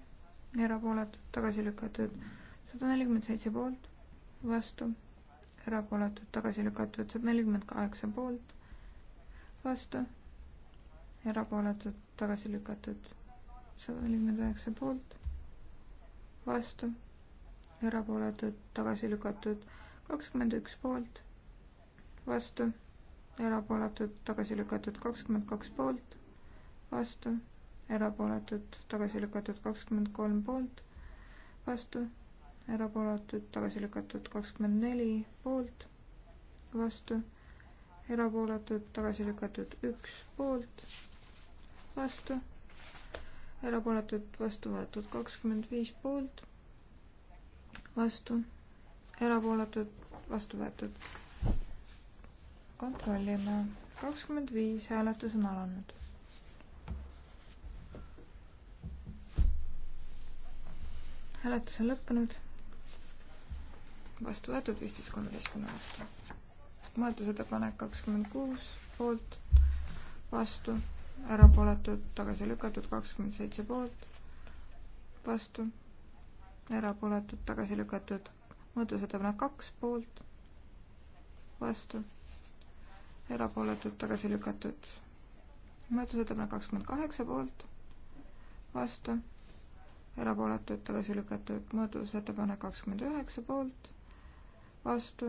erapooletud, tagasi lükatud sada nelikümmend seitse poolt, vastu, erapooletud, tagasi lükatud, sada nelikümmend kaheksa poolt, vastu, erapooletud, tagasi lükatud, sada nelikümmend üheksa poolt, vastu, erapooletud, tagasi lükatud, kakskümmend üks poolt, vastu erapooletud, tagasi lükatud kakskümmend kaks poolt, vastu, erapooletud, tagasi lükatud kakskümmend kolm poolt, vastu, erapooletud, tagasi lükatud kakskümmend neli poolt, vastu, erapooletud, tagasi lükatud üks poolt, vastu, erapooletud, vastu võetud kakskümmend viis poolt, vastu, erapooletud, vastu võetud. kontrollime, kakskümmend viis, hääletus on alanud hääletus on lõppenud vastu võetud, viisteist kolmeteistkümne vastu. muudatusettepanek kakskümmend kuus poolt, vastu, erapooletud, tagasi lükatud, kakskümmend seitse poolt, vastu, erapooletud, tagasi lükatud, muudatusettepanek kaks poolt, vastu, erapooletud, tagasi lükatud, muudatusettepanek kakskümmend kaheksa poolt, vastu erapooletud tagasi lükatud muudatusettepanek kakskümmend üheksa poolt, vastu,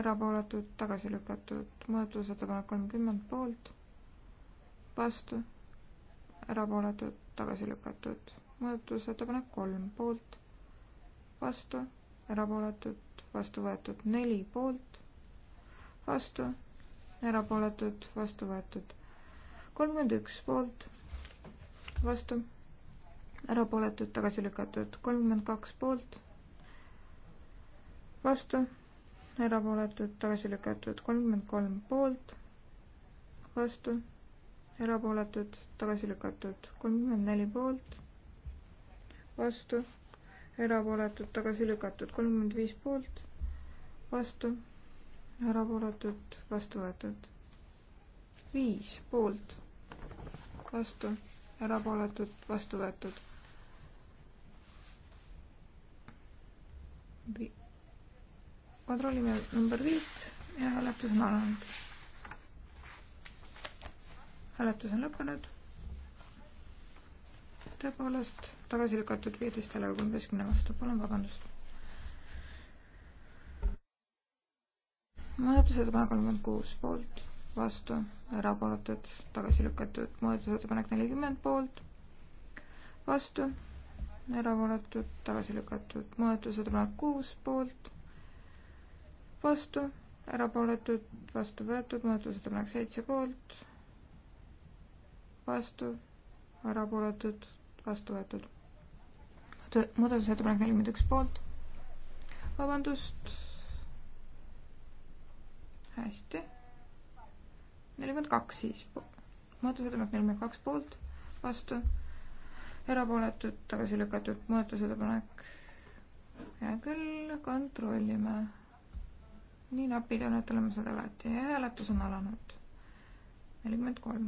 erapooletud, tagasi lükatud, muudatusettepanek kolmkümmend poolt, vastu, erapooletud, tagasi lükatud, muudatusettepanek kolm poolt, vastu, erapooletud, vastu võetud neli poolt, vastu, erapooletud, vastu võetud kolmkümmend üks poolt, vastu, erapooletud, tagasi lükatud, kolmkümmend kaks poolt vastu, erapooletud, tagasi lükatud kolmkümmend kolm poolt, vastu, erapooletud, tagasi lükatud kolmkümmend neli poolt, vastu, erapooletud, tagasi lükatud kolmkümmend viis poolt, vastu, erapooletud, vastu võetud viis poolt, vastu, erapooletud, vastu võetud Vi kontrollime number viit ja hääletus on alanud. hääletus on lõppenud. tõepoolest tagasi lükatud viieteist häälega kolmeteistkümne vastu, palun vabandust. muudatusettepanek kolmkümmend kuus poolt, vastu, erapooletud, tagasi lükatud, muudatusettepanek nelikümmend poolt, vastu, erapooletud, tagasi lükatud, muudatusettepanek kuus poolt vastu, erapooletud, vastu võetud, muudatusettepanek seitse poolt, vastu, erapooletud, vastu võetud. muudatusettepanek nelikümmend üks poolt, vabandust, hästi, nelikümmend kaks siis, muudatusettepanek nelikümmend kaks poolt, vastu, erapooletud, tagasi lükatud, muudatusettepanek hea küll, kontrollime nii napid on, et oleme seda alati. hääletus on alanud. nelikümmend kolm.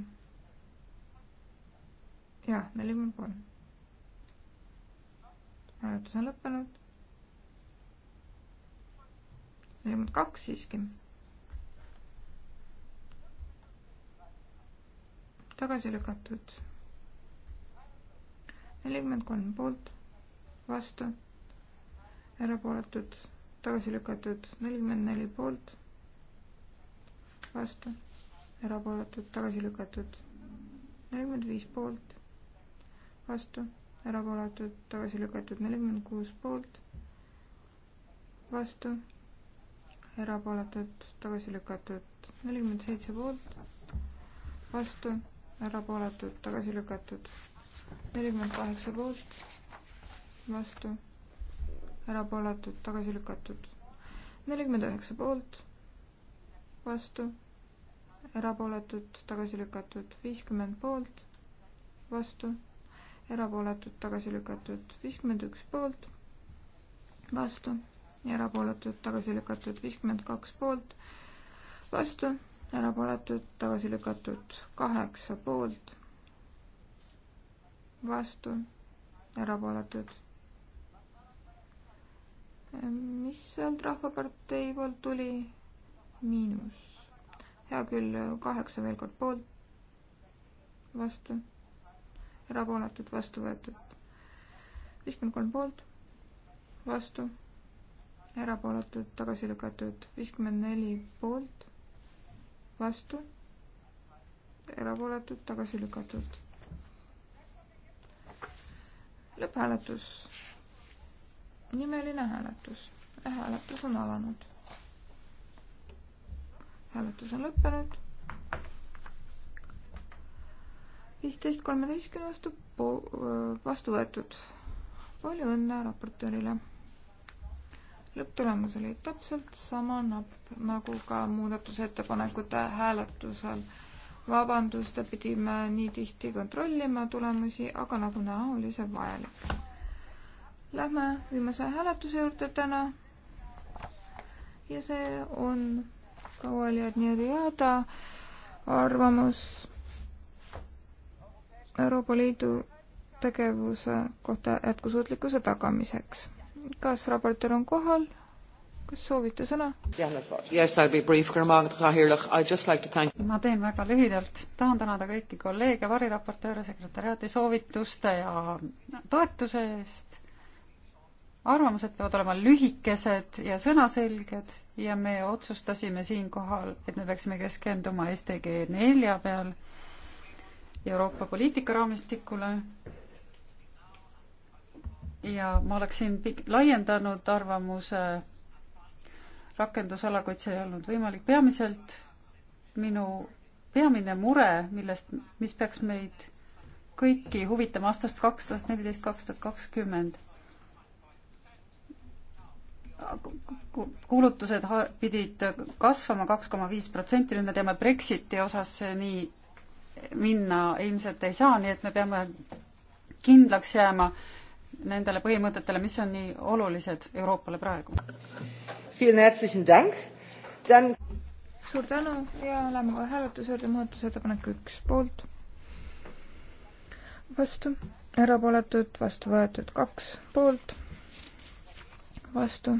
jah, nelikümmend kolm. hääletus on lõppenud. nelikümmend kaks siiski. tagasi lükatud. nelikümmend kolm poolt, vastu, erapooletud tagasi lükatud nelikümmend neli poolt, vastu, erapooletud, tagasi lükatud nelikümmend viis poolt, vastu, erapooletud, tagasi lükatud nelikümmend kuus poolt, vastu, erapooletud, tagasi lükatud nelikümmend seitse poolt, vastu, erapooletud, tagasi lükatud nelikümmend kaheksa poolt, vastu erapooletud, tagasi lükatud. nelikümmend üheksa poolt, vastu, erapooletud, tagasi lükatud, viiskümmend poolt, vastu, erapooletud, tagasi lükatud, viiskümmend üks poolt, vastu, erapooletud, tagasi lükatud, viiskümmend kaks poolt, vastu, erapooletud, tagasi lükatud, kaheksa poolt, vastu, erapooletud mis sealt Rahvapartei poolt tuli? miinus. hea küll, kaheksa veel kord poolt, vastu, erapooletud, vastu võetud. viiskümmend kolm poolt, vastu, erapooletud, tagasi lükatud. viiskümmend neli poolt, vastu, erapooletud, tagasi lükatud. lõpphääletus nimeline hääletus. hääletus on alanud. hääletus on lõppenud. viisteist kolmeteistkümne vastu, vastu võetud. palju õnne raportöörile. lõpptulemus oli täpselt sama napp nagu ka muudatusettepanekute hääletusel vabandust, pidime nii tihti kontrollima tulemusi, aga nagu näha, oli see vajalik. Lähme viimase hääletuse juurde täna. ja see on proua Ljadniri Jada arvamus Euroopa Liidu tegevuse kohta jätkusuutlikkuse tagamiseks. kas raportöör on kohal? kas soovite sõna? ma teen väga lühidalt. tahan tänada kõiki kolleege, variraportööre, sekretäriaati soovituste ja toetuse eest arvamused peavad olema lühikesed ja sõnaselged ja me otsustasime siinkohal, et me peaksime keskenduma STG nelja peal, Euroopa poliitikaraamistikule ja ma oleksin laiendanud arvamuse rakendusala, kuid see ei olnud võimalik. peamiselt minu peamine mure, millest, mis peaks meid kõiki huvitama aastast kaks tuhat neliteist, kaks tuhat kakskümmend kulutused pidid kasvama kaks koma viis protsenti, nüüd me teame Brexiti osas nii minna ilmselt ei saa, nii et me peame kindlaks jääma nendele põhimõtetele, mis on nii olulised Euroopale praegu. suur tänu ja läheme kohe hääletuse juurde, muudatusettepanek üks poolt, vastu, erapooletud, vastu võetud kaks poolt vastu,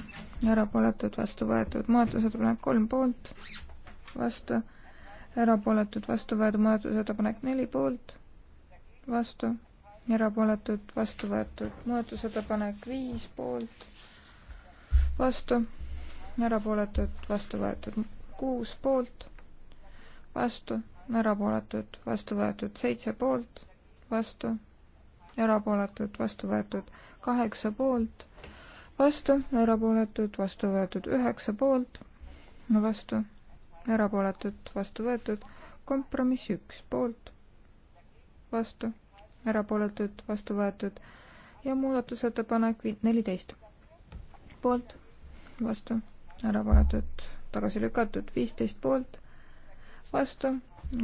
erapooletud, vastu võetud, muudatusettepanek kolm poolt, vastu, erapooletud, vastu võetud, muudatusettepanek neli poolt, vastu, erapooletud, vastu võetud, muudatusettepanek viis poolt, vastu, erapooletud, vastu võetud, kuus poolt, vastu, erapooletud, vastu võetud, seitse poolt, vastu, erapooletud, vastu võetud, kaheksa poolt vastu, erapooletud, vastu võetud üheksa poolt, vastu, erapooletud, vastu võetud, kompromiss üks poolt, vastu, erapooletud, vastu võetud ja muudatusettepanek neliteist poolt, vastu, erapooletud, tagasi lükatud, viisteist poolt, vastu,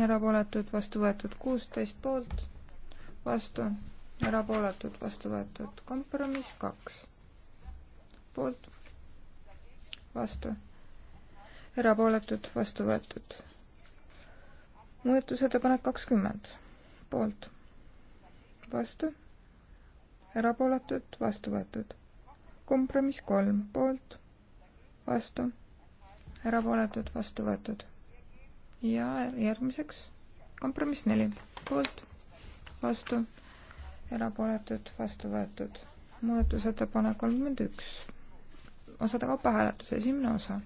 erapooletud, vastu võetud, kuusteist poolt, vastu, erapooletud, vastu võetud, kompromiss kaks poolt, vastu, erapooletud, vastu võetud. muudatusettepanek kakskümmend, poolt, vastu, erapooletud, vastu võetud. kompromiss kolm, poolt, vastu, erapooletud, vastu võetud. ja järgmiseks kompromiss neli, poolt, vastu, erapooletud, vastu võetud. muudatusettepanek kolmkümmend üks osade kaupa hääletuse esimene osa.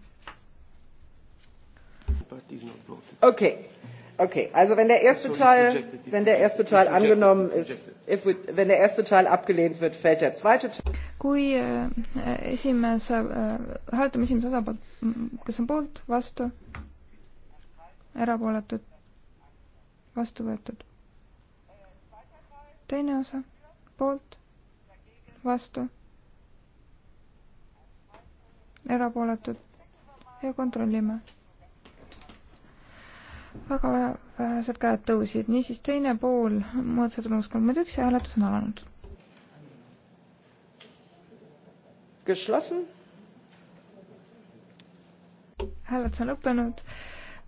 okei, okei, also wenn der erste Teil, wenn der erste Teil angenommen ist, if we, wenn der erste Teil abgelehnt wird, fällt der zweite Teil. kui äh, esimese äh,, hääletame esimese osa poolt, mm, kes on poolt, vastu, erapooletud, vastu võetud. teine osa, poolt, vastu erapooletud ja kontrollime. väga vähesed käed tõusid, niisiis teine pool, muudatusettepanekus kolmkümmend üks ja hääletus on alanud. hääletus on lõppenud,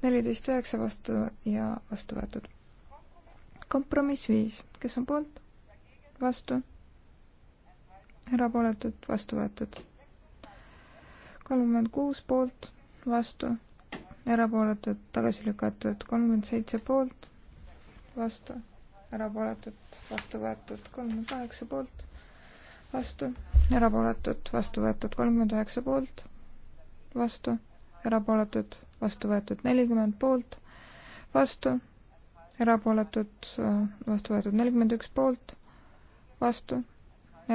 neliteist üheksa vastu ja vastu võetud. kompromiss viis, kes on poolt? vastu? erapooletud, vastu võetud kolmkümmend kuus poolt, vastu, erapooletud, tagasi lükatud, kolmkümmend seitse poolt, vastu, erapooletud, vastu võetud, kolmkümmend kaheksa poolt, vastu, erapooletud, vastu võetud, kolmkümmend üheksa poolt, vastu, erapooletud, vastu võetud, nelikümmend poolt, vastu, erapooletud, vastu võetud, nelikümmend üks poolt, vastu,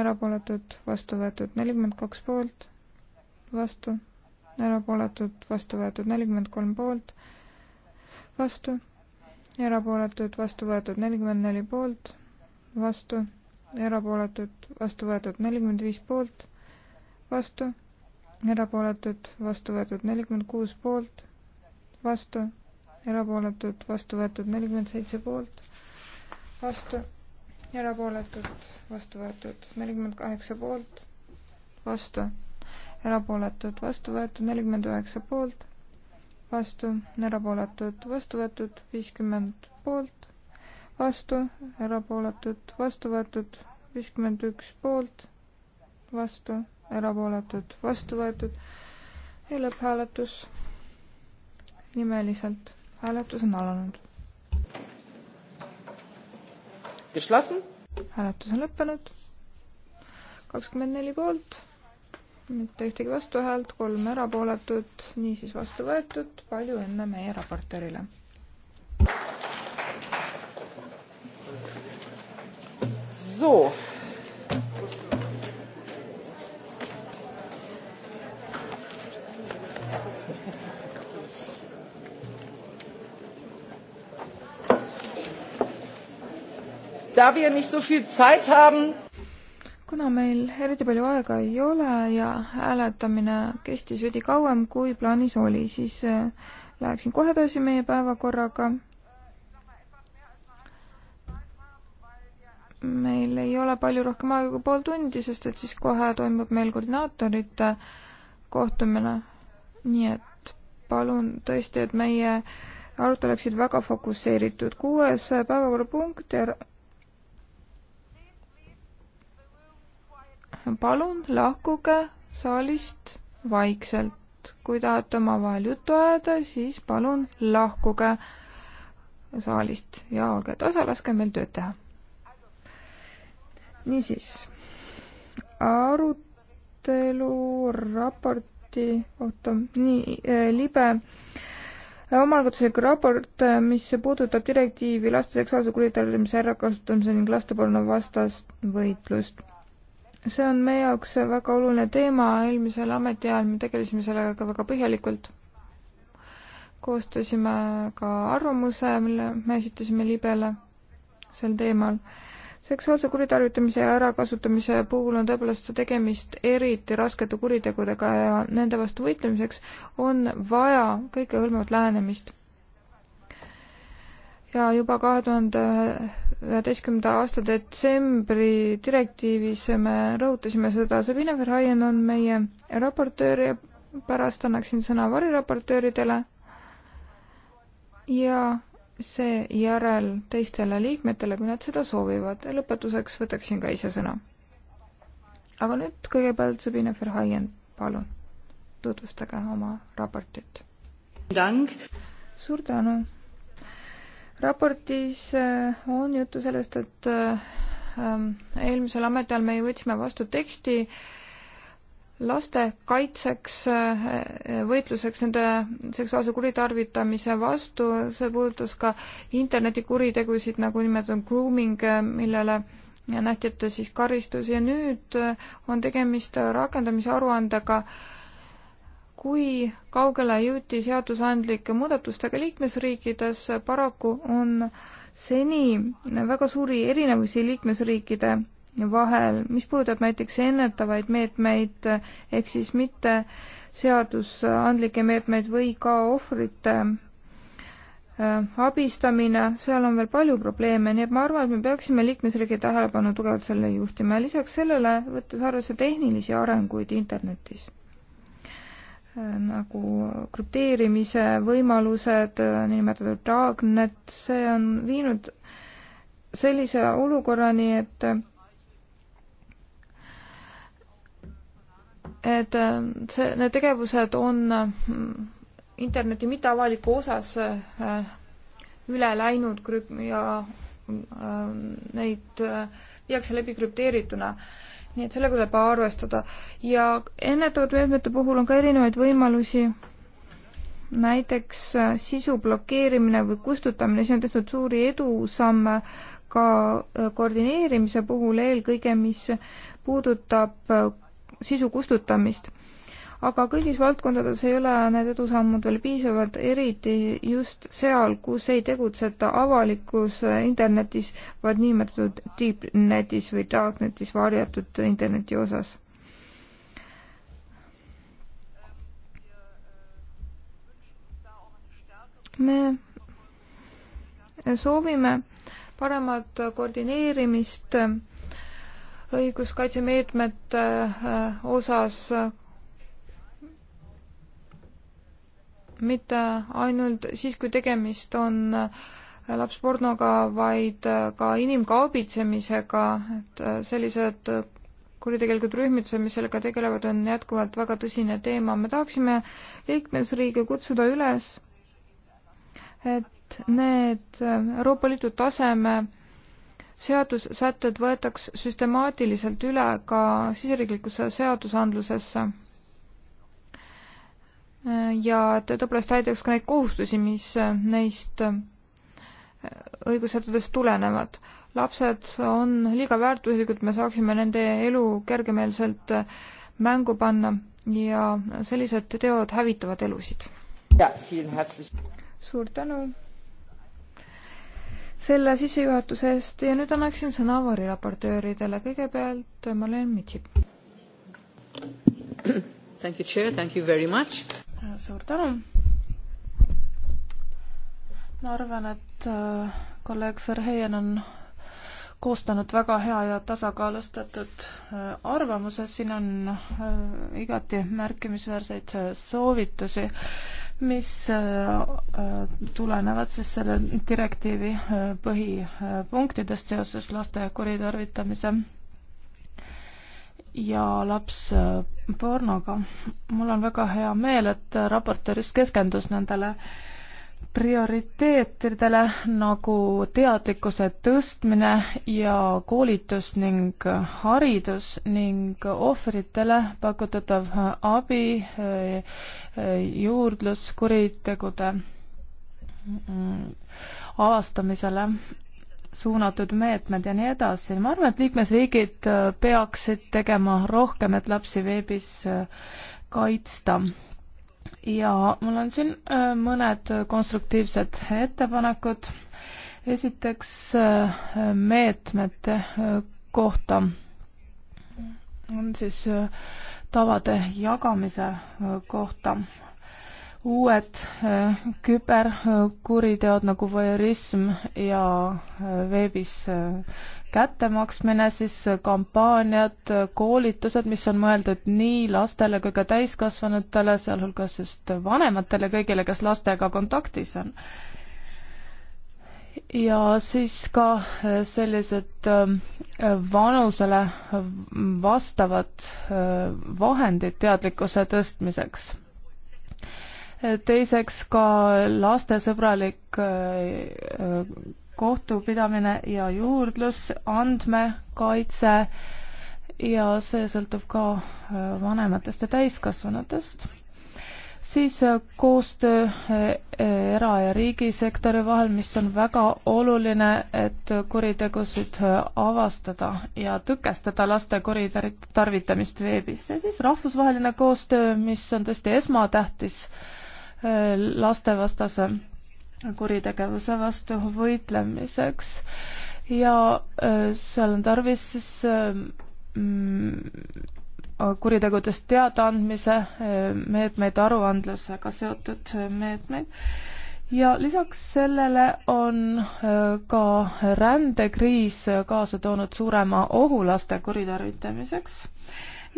erapooletud, vastu võetud, nelikümmend kaks poolt vastu, erapooletud, vastu võetud nelikümmend kolm poolt, vastu, erapooletud, vastu võetud nelikümmend neli poolt, vastu, erapooletud, vastu võetud nelikümmend viis poolt, vastu, erapooletud, vastu võetud nelikümmend kuus poolt, vastu, erapooletud, vastu võetud nelikümmend seitse poolt, vastu, erapooletud, vastu võetud nelikümmend kaheksa poolt, vastu erapooletud, vastu võetud, nelikümmend üheksa poolt, vastu, erapooletud, vastu võetud, viiskümmend poolt, vastu, erapooletud, vastu võetud, viiskümmend üks poolt, vastu, erapooletud, vastu võetud ja lõpphääletus nimeliselt. hääletus on alanud. hääletus on lõppenud. kakskümmend neli poolt mitte ühtegi vastuhäält, kolm erapooletut, niisiis vastu võetud, palju õnne meie raportöörile. So. Da wir nicht so viel Zeit haben, kuna meil eriti palju aega ei ole ja hääletamine kestis veidi kauem, kui plaanis oli, siis äh, läheksin kohe edasi meie päevakorraga. meil ei ole palju rohkem aega kui pool tundi, sest et siis kohe toimub meil koordinaatorite kohtumine. nii et palun tõesti, et meie arutelu oleksid väga fokusseeritud. kuues päevakorrapunkt ja palun lahkuge saalist vaikselt. kui tahate omavahel juttu ajada, siis palun lahkuge saalist ja olge tasa, laske meil tööd teha. niisiis, arutelu raporti, oota, nii äh,, libe eh, omaalgatuslik raport, eh, mis puudutab direktiivi laste seksuaalse kuritarvitamise ärakasutamise ning lasteporno vastast võitlust see on meie jaoks väga oluline teema, eelmisel ametiajal me tegelesime sellega ka väga põhjalikult. koostasime ka arvamuse, mille me esitasime libele sel teemal. seksuaalse kuritarvitamise ja ärakasutamise puhul on tõepoolest tegemist eriti raskete kuritegudega ja nende vastu võitlemiseks on vaja kõikehõlmavat lähenemist ja juba kahe tuhande üheteistkümnenda aasta detsembri direktiivis me rõhutasime seda, Sabine Verhaien on meie raportöör ja pärast annaksin sõna variraportööridele ja seejärel teistele liikmetele, kui nad seda soovivad. lõpetuseks võtaksin ka ise sõna. aga nüüd kõigepealt Sabine Verhaien, palun, tutvustage oma raportit. suur tänu raportis äh, on juttu sellest, et äh, ähm, eelmisel ametiajal me ju võtsime vastu teksti laste kaitseks, äh, võitluseks nende seksuaalse kuritarvitamise vastu, see puudutas ka internetikuritegusid, nagu nimetatud grooming, millele nähti ette siis karistusi ja nüüd on tegemist rakendamise aruandega äh, kui kaugele jõuti seadusandlike muudatustega liikmesriikides, paraku on seni väga suuri erinevusi liikmesriikide vahel, mis puudutab näiteks ennetavaid meetmeid, ehk siis mitte seadusandlikke meetmeid või ka ohvrite äh, abistamine, seal on veel palju probleeme, nii et ma arvan, et me peaksime liikmesriigi tähelepanu tugevalt sellele juhtima ja lisaks sellele, võttes arvesse tehnilisi arenguid internetis nagu krüpteerimise võimalused, niinimetatud darknet, see on viinud sellise olukorrani, et et äh, see, need tegevused on mm, interneti mitteavaliku osas äh, üle läinud krüp- ja äh, neid viiakse läbi krüpteerituna nii et sellega tuleb arvestada. ja ennetavate meetmete puhul on ka erinevaid võimalusi, näiteks äh, sisu blokeerimine või kustutamine, siin on tehtud suuri edusamme ka äh, koordineerimise puhul eelkõige, mis puudutab äh, sisu kustutamist aga kõigis valdkondades ei ole need edusammud veel piisavad, eriti just seal, kus ei tegutseta avalikus internetis, vaid niinimetatud deepnetis või darknetis varjatud interneti osas. me soovime paremat koordineerimist õiguskaitsemeetmete osas mitte ainult siis, kui tegemist on äh, lapspornoga, vaid äh, ka inimkaubitsemisega, et äh, sellised kuritegelikud rühmitused, mis sellega tegelevad, on jätkuvalt väga tõsine teema. me tahaksime liikmesriige kutsuda üles, et need Euroopa Liidu taseme seadussätted võetaks süstemaatiliselt üle ka siseriiklikusse seadusandlusesse ja tõepoolest täidaks ka neid kohustusi, mis äh, neist äh, õigussätetest tulenevad. lapsed on liiga väärtuslikud, me saaksime nende elu kergemeelselt äh, mängu panna ja sellised teod hävitavad elusid. suur tänu selle sissejuhatuse eest ja nüüd annaksin sõna variraportööridele, kõigepealt Marlen Mitsip. Thank you, chair, thank you very much suur tänu. ma arvan, et äh, kolleeg Verheyen on koostanud väga hea ja tasakaalustatud äh, arvamuse, siin on äh, igati märkimisväärseid soovitusi, mis tulenevad siis selle direktiivi põhipunktidest seoses laste kuritarvitamise ja laps äh, pornoga. mul on väga hea meel, et raportöör just keskendus nendele prioriteetidele nagu teadlikkuse tõstmine ja koolitus ning haridus ning ohvritele pakutatav abi, äh, äh, juurdlus kuritegude mm, avastamisele suunatud meetmed ja nii edasi. ma arvan, et liikmesriigid äh, peaksid tegema rohkem, et lapsi veebis äh, kaitsta. ja mul on siin äh, mõned konstruktiivsed ettepanekud. esiteks meetmete kohta on siis tavade jagamise kohta uued äh, küberkuriteod nagu voyeurism ja äh, veebis äh, kättemaksmine, siis kampaaniad, koolitused, mis on mõeldud nii lastele kui ka täiskasvanutele, sealhulgas just vanematele, kõigile, kes lastega kontaktis on. ja siis ka sellised vanusele vastavad vahendid teadlikkuse tõstmiseks teiseks ka lastesõbralik äh, äh, kohtupidamine ja juurdlus, andmekaitse ja see sõltub ka äh, vanematest ja täiskasvanutest siis koostöö era- ja riigisektori vahel, mis on väga oluline, et kuritegusid avastada ja tõkestada laste kuritarvitamist veebis ja siis rahvusvaheline koostöö, mis on tõesti esmatähtis äh, lastevastase kuritegevuse vastu võitlemiseks ja äh, seal on tarvis siis äh, mm, kuritegudest teadaandmise äh, meetmeid, aruandlusega seotud meetmeid. ja lisaks sellele on ka rändekriis kaasa toonud suurema ohu laste kuritarvitamiseks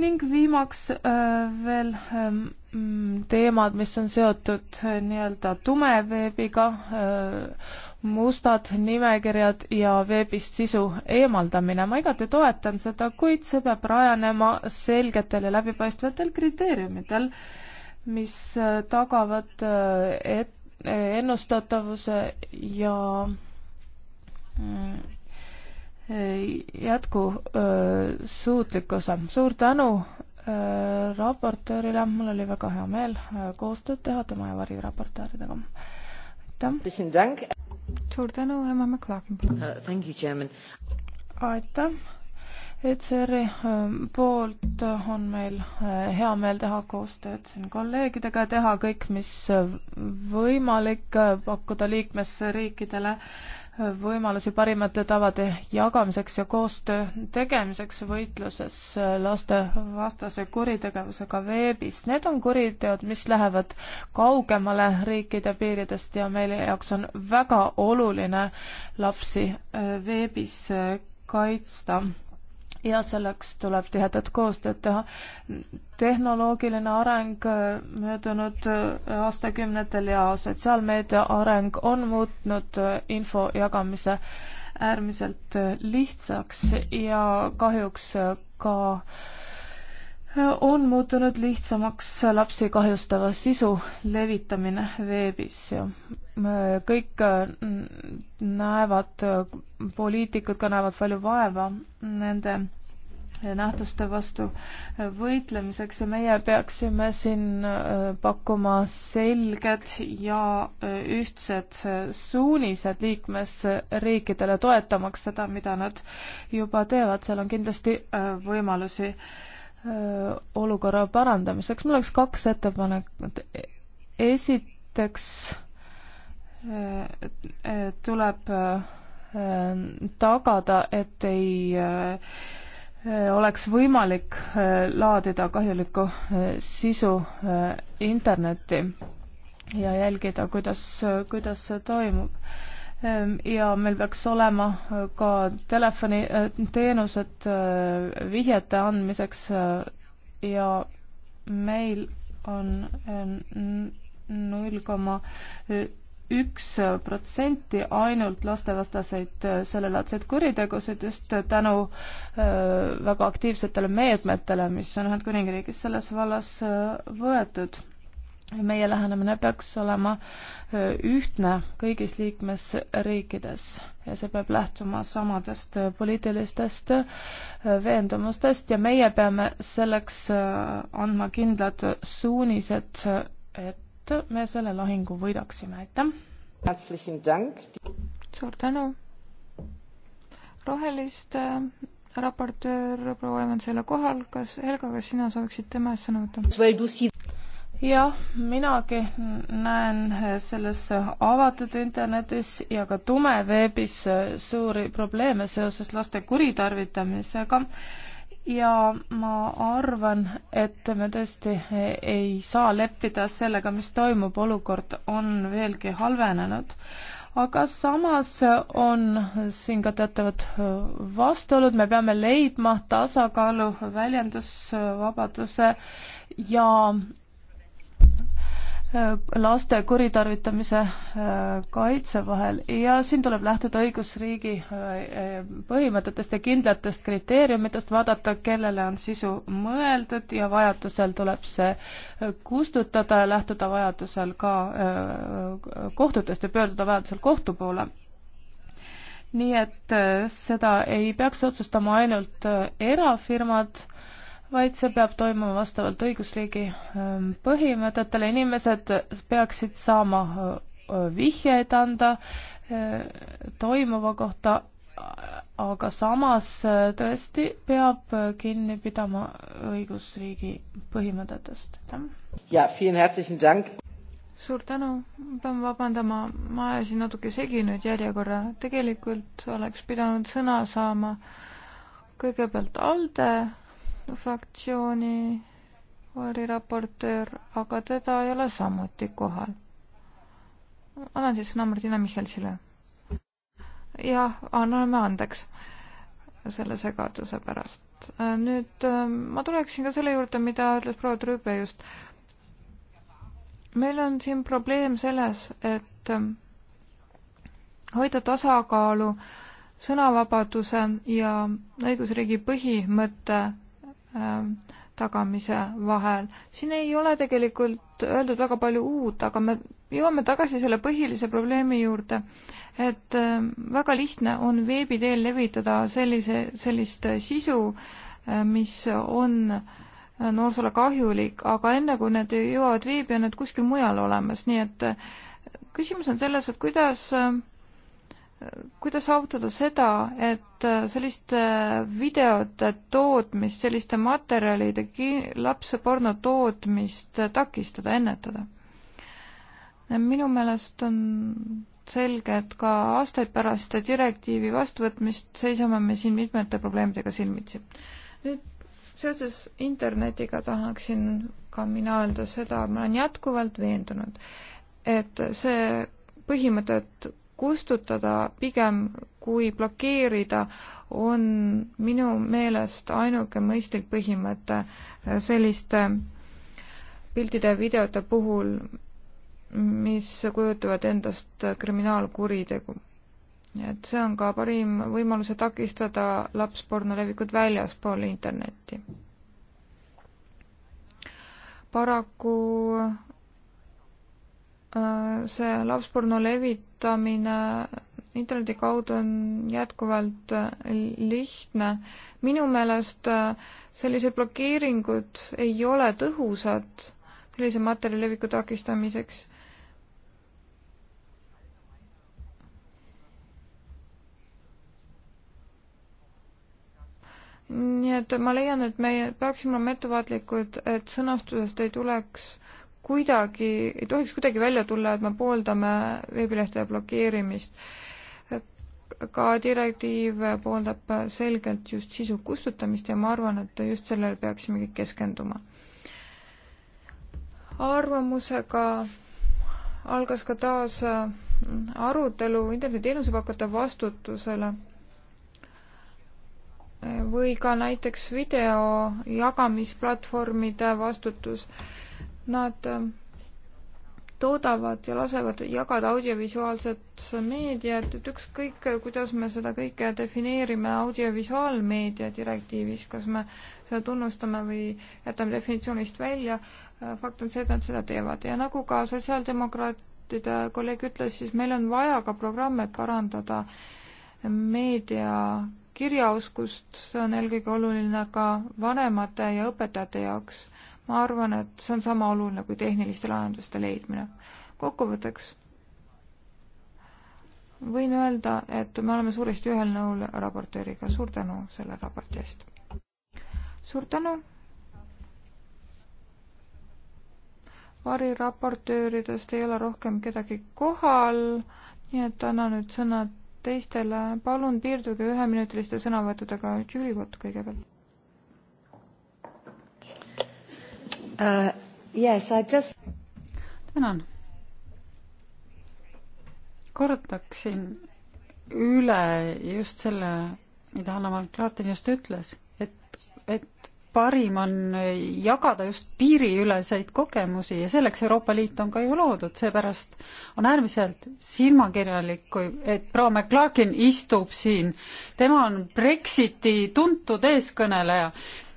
ning viimaks äh, veel ähm, mm, teemad, mis on seotud äh, nii-öelda tumeveebiga, äh, mustad nimekirjad ja veebist sisu eemaldamine. ma igati toetan seda, kuid see peab rajanema selgetel ja läbipaistvatel kriteeriumitel, mis tagavad et-, ennustatavuse ja mm, jätkusuutlikkuse. suur tänu raportöörile, mul oli väga hea meel koostööd teha tema ja variraportööridega. aitäh! suur tänu, Emma McLaughlin, palun! Uh, aitäh! ECR-i poolt on meil hea meel teha koostööd siin kolleegidega, teha kõik, mis võimalik, pakkuda liikmesriikidele äh, võimalusi parimate tavade jagamiseks ja koostöö tegemiseks võitluses lastevastase kuritegevusega veebis. Need on kuriteod, mis lähevad kaugemale riikide piiridest ja meie jaoks on väga oluline lapsi veebis kaitsta ja selleks tuleb tihedat koostööd teha. tehnoloogiline areng äh, möödunud äh, aastakümnetel ja sotsiaalmeedia areng on muutnud äh, info jagamise äärmiselt lihtsaks ja kahjuks ka äh, on muutunud lihtsamaks lapsi kahjustava sisu levitamine veebis ja äh, kõik äh, näevad, poliitikud ka näevad palju vaeva nende nähtuste vastu võitlemiseks ja meie peaksime siin äh, pakkuma selged ja ühtsed suunised liikmesriikidele, toetamaks seda, mida nad juba teevad, seal on kindlasti võimalusi äh, olukorra parandamiseks. mul oleks kaks ettepanekut. esiteks tuleb tagada, et ei oleks võimalik laadida kahjulikku sisu internetti ja jälgida, kuidas, kuidas see toimub Ehm, ja meil peaks olema äh, ka telefoniteenused äh, äh, vihjete andmiseks ja meil on null koma üks protsenti ainult lastevastaseid sellelaadseid kuritegusid just tänu väga aktiivsetele meetmetele, mis on Ühendkuningriigis selles vallas võetud meie lähenemine peaks olema ühtne kõigis liikmesriikides ja see peab lähtuma samadest poliitilistest veendumustest ja meie peame selleks andma kindlad suunised, et me selle lahingu võidaksime, aitäh! suur tänu! roheliste raportöör proua Evans ei ole kohal, kas Helga, kas sina sooviksid tema eest sõna võtta? jah, minagi näen selles avatud internetis ja ka tumeveebis suuri probleeme seoses laste kuritarvitamisega ja ma arvan, et me tõesti ei saa leppida sellega, mis toimub, olukord on veelgi halvenenud. aga samas on siin ka teatavad vastuolud, me peame leidma tasakaalu väljendusvabaduse ja laste kuritarvitamise äh, kaitse vahel ja siin tuleb lähtuda õigusriigi äh, põhimõtetest ja kindlatest kriteeriumitest, vaadata, kellele on sisu mõeldud ja vajadusel tuleb see äh, kustutada ja lähtuda vajadusel ka kohtutest ja pöörduda vajadusel kohtu poole nii et seda ei peaks otsustama ainult erafirmad vaid see peab toimuma vastavalt õigusriigi ähm, põhimõtetele, inimesed peaksid saama äh, äh, vihjeid anda äh, toimuva kohta, aga samas tõesti peab kinni pidama õigusriigi põhimõtetest. ja, suur tänu, ma pean vabandama, ma ajasin natuke segi nüüd järjekorra, tegelikult oleks pidanud sõna saama kõigepealt Alde fraktsiooni variraportöör, aga teda ei ole samuti kohal. annan siis sõna Martina Michalsile. jah, anname andeks selle segaduse pärast. nüüd ma tuleksin ka selle juurde, mida ütles proua Trüübe just. meil on siin probleem selles, et hoida tasakaalu sõnavabaduse ja õigusriigi põhimõtte Ähm, tagamise vahel. siin ei ole tegelikult öeldud väga palju uut, aga me jõuame tagasi selle põhilise probleemi juurde, et ähm, väga lihtne on veebi teel levitada sellise, sellist sisu, äh, mis on äh, noorsoole kahjulik, aga enne kui need jõuavad veebi, on need kuskil mujal olemas, nii et äh, küsimus on selles, et kuidas kuidas saavutada seda, et äh, selliste äh, videote tootmist, selliste materjalide, lapseporno tootmist äh, takistada, ennetada? minu meelest on selge, et ka aastaid pärast direktiivi vastuvõtmist seisame me siin mitmete probleemidega silmitsi. nüüd seoses internetiga tahaksin ka mina öelda seda, ma olen jätkuvalt veendunud, et see põhimõte, et kustutada pigem kui blokeerida, on minu meelest ainuke mõistlik põhimõte selliste piltide ja videote puhul, mis kujutavad endast kriminaalkuritegu. et see on ka parim võimalus takistada lapsporno levikut väljaspool internetti. paraku Äh, see lapsporno levitamine interneti kaudu on jätkuvalt äh, lihtne. minu meelest äh, sellised blokeeringud ei ole tõhusad sellise materjali leviku takistamiseks nii et ma leian, et me peaksime olema ettevaatlikud, et sõnastusest ei tuleks kuidagi, ei tohiks kuidagi välja tulla, et me pooldame veebilehtede blokeerimist. ka direktiiv pooldab selgelt just sisu kustutamist ja ma arvan, et just sellele peaksimegi keskenduma. arvamusega algas ka taas arutelu internetiteenuse pakkujate vastutusele või ka näiteks video jagamisplatvormide vastutus Nad ähm, toodavad ja lasevad jagada audiovisuaalset meediat, et ükskõik, kuidas me seda kõike defineerime audiovisuaalmeedia direktiivis, kas me seda tunnustame või jätame definitsioonist välja, äh, fakt on see, et nad seda teevad ja nagu ka sotsiaaldemokraatide kolleeg ütles, siis meil on vaja ka programme, et parandada meedia kirjaoskust, see on eelkõige oluline ka vanemate ja õpetajate jaoks ma arvan, et see on sama oluline kui tehniliste lahenduste leidmine. kokkuvõtteks võin öelda, et me oleme suuresti ühel nõul raportööriga, suur tänu selle raporti eest. suur tänu. variraportööridest ei ole rohkem kedagi kohal, nii et annan nüüd sõna teistele, palun piirduge üheminutiliste sõnavõttudega, Jüri Kott kõigepealt. uh,. Yes, I just. tänan. korrutaksin üle just selle, mida Hanna Malklatin just ütles, et, et parim on jagada just piiriüleseid kogemusi ja selleks Euroopa Liit on ka ju loodud, seepärast on äärmiselt silmakirjalik, kui, et proua McClarkin istub siin, tema on Brexiti tuntud eeskõneleja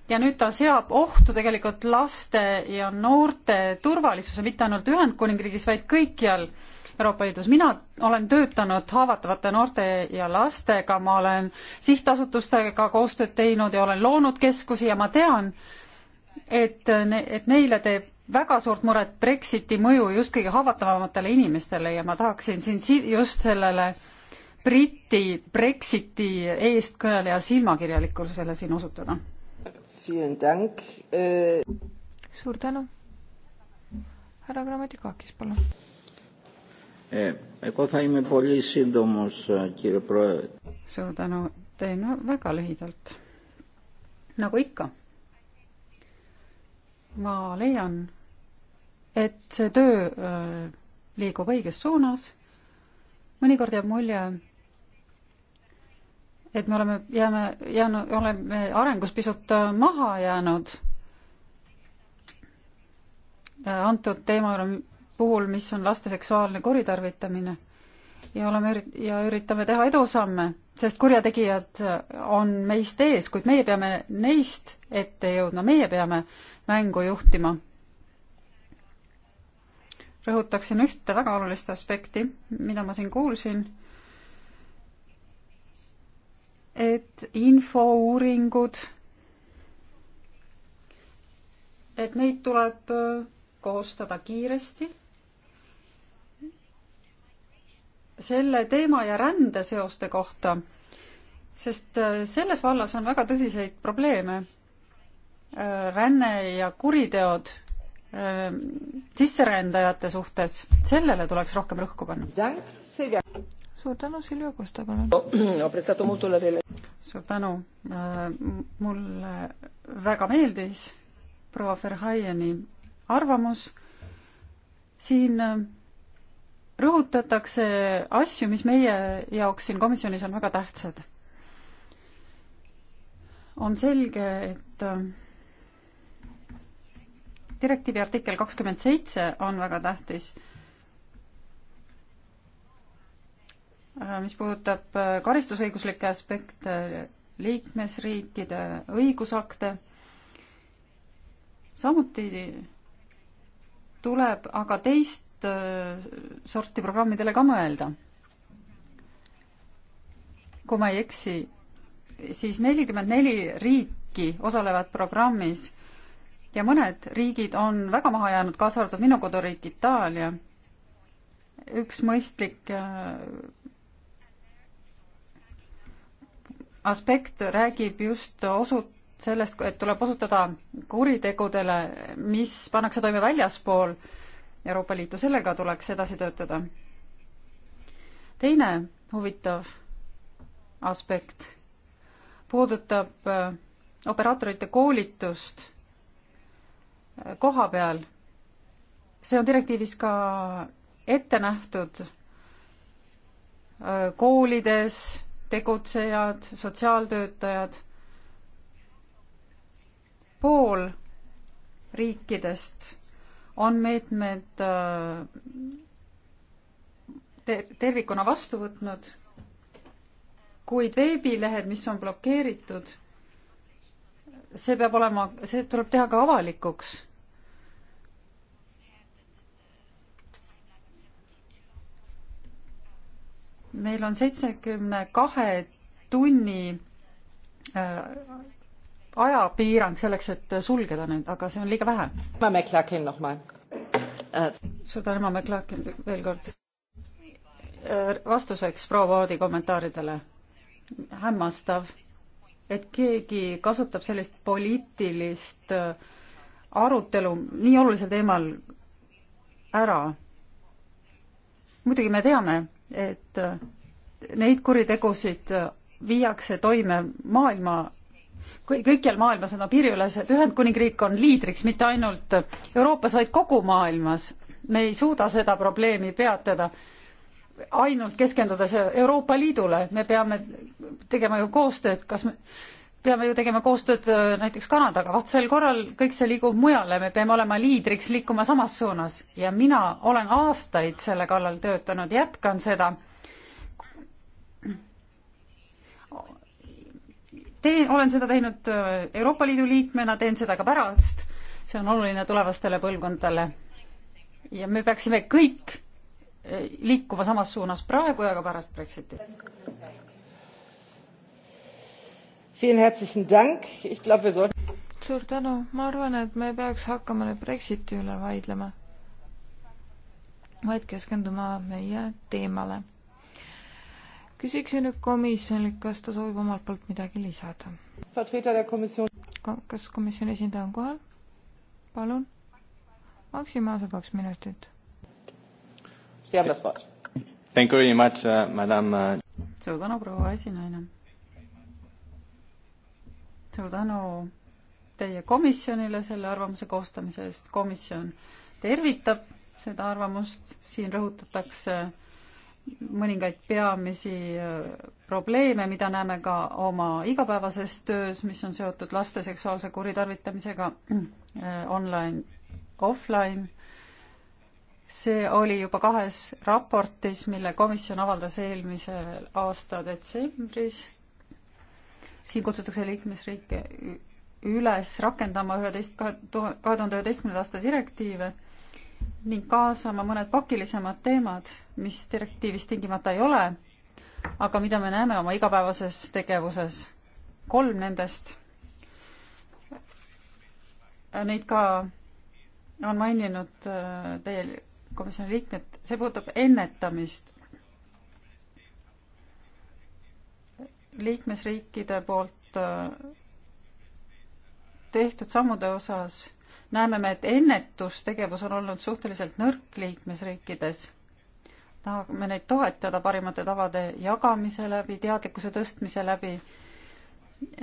ja nüüd ta seab ohtu tegelikult laste ja noorte turvalisuse mitte ainult Ühendkuningriigis, vaid kõikjal Euroopa Liidus. mina olen töötanud haavatavate noorte ja lastega, ma olen sihtasutustega koostööd teinud ja olen loonud keskusi ja ma tean, et ne,, et neile teeb väga suurt muret Brexiti mõju just kõige haavatavamatele inimestele ja ma tahaksin siin si just sellele Briti Brexiti eestkõneleja silmakirjalikkusele siin osutada Äh, suur tänu. härra Grammatikakis, palun. Εγώ θα είμαι πολύ σύντομος, κύριε Πρόεδρε. Suur tänu, teen väga lühidalt. nagu ikka, ma leian, et see töö äh, liigub õiges suunas. mõnikord jääb mulje, et me oleme, jääme, jäänud, oleme arengus pisut äh, maha jäänud antud teema puhul, mis on laste seksuaalne kuritarvitamine ja oleme ürit-, ja üritame teha edusamme, sest kurjategijad äh, on meist ees, kuid meie peame neist ette jõudma, meie peame mängu juhtima. rõhutaksin ühte väga olulist aspekti, mida ma siin kuulsin et infouuringud, et neid tuleb äh, koostada kiiresti. selle teema ja rände seoste kohta, sest äh, selles vallas on väga tõsiseid probleeme. Äh, ränne ja kuriteod sisserändajate suhtes, sellele tuleks rohkem rõhku panna suur tänu, Silvia Kosta, palun. suur tänu. Äh, mulle väga meeldis proua Verhaieni arvamus. siin äh, rõhutatakse asju, mis meie jaoks siin komisjonis on väga tähtsad. on selge, et äh, direktiivi artikkel kakskümmend seitse on väga tähtis Äh, mis puudutab äh, karistusõiguslikke aspekte, liikmesriikide õigusakte, samuti tuleb aga teist äh, sorti programmidele ka mõelda. kui ma ei eksi, siis nelikümmend neli riiki osalevad programmis ja mõned riigid on väga maha jäänud, kaasa arvatud minu koduriik Itaalia. üks mõistlik aspekt räägib just osut-, sellest, et tuleb osutada kuritegudele, mis pannakse toime väljaspool Euroopa Liitu, sellega tuleks edasi töötada. teine huvitav aspekt puudutab äh, operaatorite koolitust äh, koha peal. see on direktiivis ka ette nähtud äh, koolides tegutsejad, sotsiaaltöötajad. pool riikidest on meetmed äh, te tervikuna vastu võtnud, kuid veebilehed, mis on blokeeritud, see peab olema, see tuleb teha ka avalikuks meil on seitsmekümne kahe tunni äh, ajapiirang selleks, et sulgeda nüüd, aga see on liiga vähe. ma McLaren noh ma. Äh. suur tänu, ma McLaren veel kord. Äh, vastuseks proua Voodi kommentaaridele. hämmastav, et keegi kasutab sellist poliitilist arutelu nii olulisel teemal ära. muidugi me teame, et äh, neid kuritegusid äh, viiakse toime maailma kõikjal maailmas on piiriülesed, Ühendkuningriik on liidriks mitte ainult Euroopas, vaid kogu maailmas. me ei suuda seda probleemi peatada ainult keskendudes Euroopa Liidule, me peame tegema ju koostööd, kas me peame ju tegema koostööd äh, näiteks Kanadaga, vastasel korral kõik see liigub mujale, me peame olema liidriks, liikuma samas suunas ja mina olen aastaid selle kallal töötanud, jätkan seda. teen, olen seda teinud äh, Euroopa Liidu liikmena, teen seda ka pärast, see on oluline tulevastele põlvkondadele. ja me peaksime kõik äh, liikuma samas suunas praegu ja ka pärast Brexitit suur tänu, ma arvan, et me ei peaks hakkama nüüd Brexiti üle vaidlema, vaid keskenduma meie teemale. küsiksin nüüd komisjonilt, kas ta soovib omalt poolt midagi lisada? kas komisjoni esindaja on kohal? palun, maksimaalselt kaks minutit. Uh, uh- suur tänu, proua esinaine suur tänu teie komisjonile selle arvamuse koostamise eest. komisjon tervitab seda arvamust, siin rõhutatakse mõningaid peamisi äh, probleeme, mida näeme ka oma igapäevases töös, mis on seotud laste seksuaalse kuritarvitamisega äh, online, offline. see oli juba kahes raportis, mille komisjon avaldas eelmisel aasta detsembris siin kutsutakse liikmesriike üles rakendama üheteist, kahe tuhande üheteistkümnenda aasta direktiive ning kaasama mõned pakilisemad teemad, mis direktiivis tingimata ei ole, aga mida me näeme oma igapäevases tegevuses. kolm nendest, neid ka on maininud äh, teie komisjoni liikmed, see puudutab ennetamist liikmesriikide poolt äh, tehtud sammude osas näeme me, et ennetustegevus on olnud suhteliselt nõrk liikmesriikides. tahame neid toetada parimate tavade jagamise läbi, teadlikkuse tõstmise läbi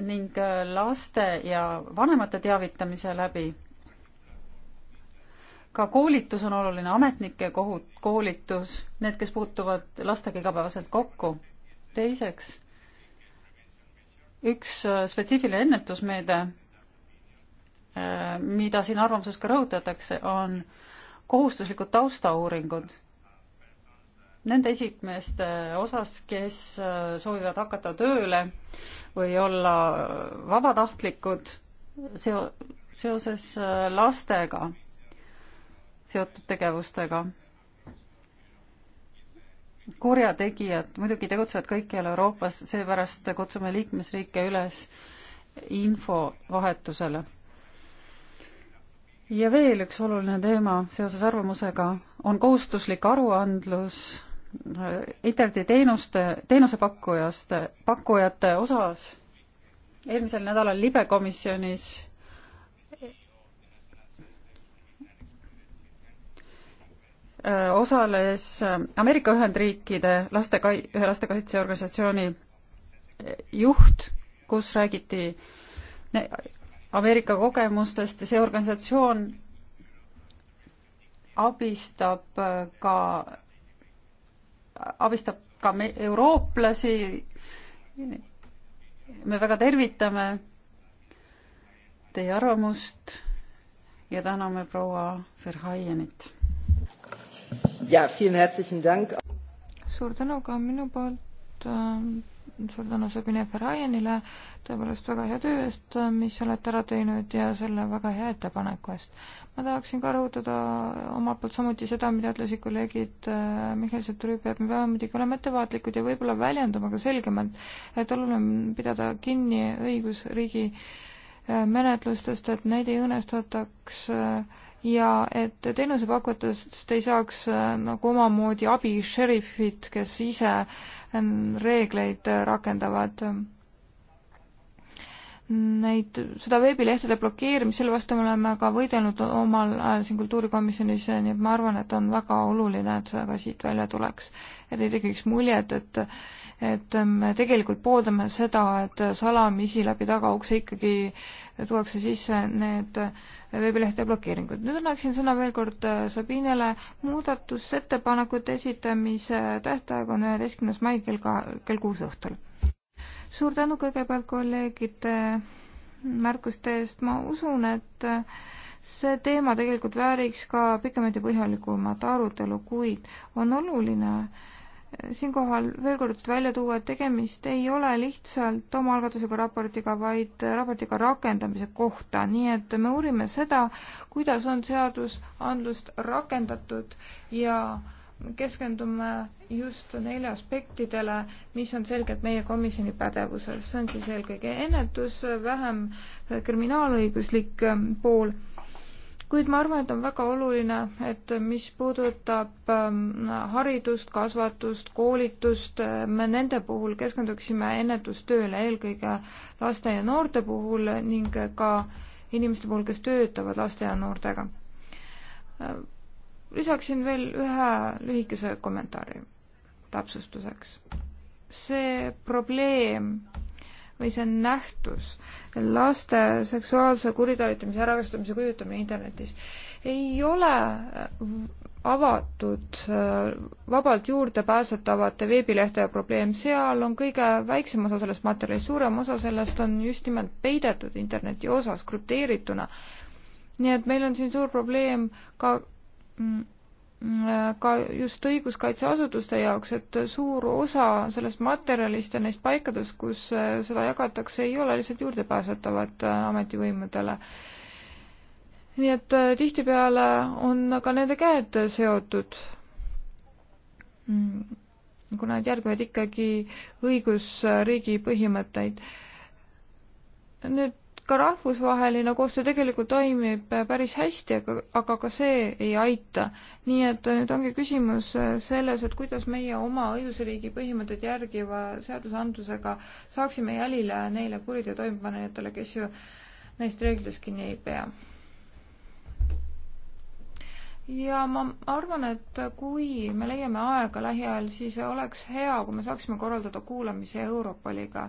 ning äh, laste ja vanemate teavitamise läbi. ka koolitus on oluline, ametnike kohut-, koolitus, need, kes puutuvad lastega igapäevaselt kokku. teiseks üks äh, spetsiifiline ennetusmeede, äh, mida siin arvamuses ka rõhutatakse, on kohustuslikud taustauuringud nende isikmeeste äh, osas, kes soovivad hakata tööle või olla vabatahtlikud seo-, seoses lastega seotud tegevustega kurjategijad muidugi tegutsevad kõikjal Euroopas, seepärast kutsume liikmesriike üles infovahetusele. ja veel üks oluline teema seoses arvamusega on kohustuslik aruandlus äh, internetiteenuste, teenusepakkujast, pakkujate osas. eelmisel nädalal libekomisjonis Äh, osales äh, Ameerika Ühendriikide lastekai-, ühe lastekaitseorganisatsiooni äh, juht, kus räägiti Ameerika kogemustest ja see organisatsioon abistab ka, abistab ka me, eurooplasi. me väga tervitame teie arvamust ja täname proua Verhaienit ja, vielen herzlichen Dank. suur tänu ka minu poolt ähm, suur tänu Sabine Ferajanile tõepoolest väga hea töö eest, äh, mis olete ära teinud ja selle väga hea ettepaneku eest. ma tahaksin ka rõhutada omalt poolt samuti seda, mida ütlesid kolleegid äh, Mihhail Sõturüüp, et me peame muidugi olema ettevaatlikud ja võib-olla väljenduma ka selgemalt, et oluline on pidada kinni õigusriigi äh, menetlustest, et neid ei õnnestataks äh, ja et teenusepakkujatest ei saaks äh, nagu omamoodi abi šerifid, kes ise ähm, reegleid äh, rakendavad. Neid, seda veebilehtede blokeerimist, selle vastu me oleme ka võidelnud omal ajal siin kultuurikomisjonis, nii et ma arvan, et on väga oluline, et see ka siit välja tuleks. et ei tekiks muljet, et et me tegelikult pooldame seda, et salamisi läbi tagaukse ikkagi tuuakse sisse need äh, veebilehte blokeeringud. nüüd annaksin sõna veel kord äh, Sabinele. muudatusettepanekute esitamise tähtaeg on üheteistkümnes mai kell ka, kell kuus õhtul. suur tänu kõigepealt kolleegide märkuste eest, ma usun, et äh, see teema tegelikult vääriks ka pikemat ja põhjalikumat arutelu, kuid on oluline äh, siinkohal veel kord välja tuua, et tegemist ei ole lihtsalt omaalgatusega raportiga, vaid raportiga rakendamise kohta, nii et me uurime seda, kuidas on seadusandlust rakendatud ja keskendume just neile aspektidele, mis on selgelt meie komisjoni pädevuses, see on siis eelkõige ennetus, vähem kriminaalõiguslik pool kuid ma arvan, et on väga oluline, et mis puudutab ähm, haridust, kasvatust, koolitust, äh, me nende puhul keskenduksime ennetustööle, eelkõige laste ja noorte puhul ning ka inimeste puhul, kes töötavad laste ja noortega. Äh, lisaksin veel ühe lühikese kommentaari täpsustuseks. see probleem või see on nähtus. laste seksuaalse kuritarvitamise ärakasutamise kujutamine internetis ei ole avatud, vabalt juurdepääsetavate veebilehtede probleem, seal on kõige väiksem osa sellest materjalist, suurem osa sellest on just nimelt peidetud interneti osas, krüpteerituna. nii et meil on siin suur probleem ka mm, Mm, äh, ka just õiguskaitseasutuste jaoks, et suur osa sellest materjalist ja neist paikadest, kus äh, seda jagatakse, ei ole lihtsalt juurdepääsetavad äh, ametivõimudele. nii et tihtipeale on ka nende käed seotud, mm, kuna nad järgivad ikkagi õigusriigi põhimõtteid. nüüd ka rahvusvaheline koostöö tegelikult toimib päris hästi, aga, aga ka see ei aita. nii et nüüd ongi küsimus selles, et kuidas meie oma õigusriigi põhimõtteid järgiva seadusandlusega saaksime jälile neile kuriteo toimepanijatele, kes ju neist reeglitest kinni ei pea ja ma arvan, et kui me leiame aega lähiajal, siis oleks hea, kui me saaksime korraldada kuulamise Europoliga,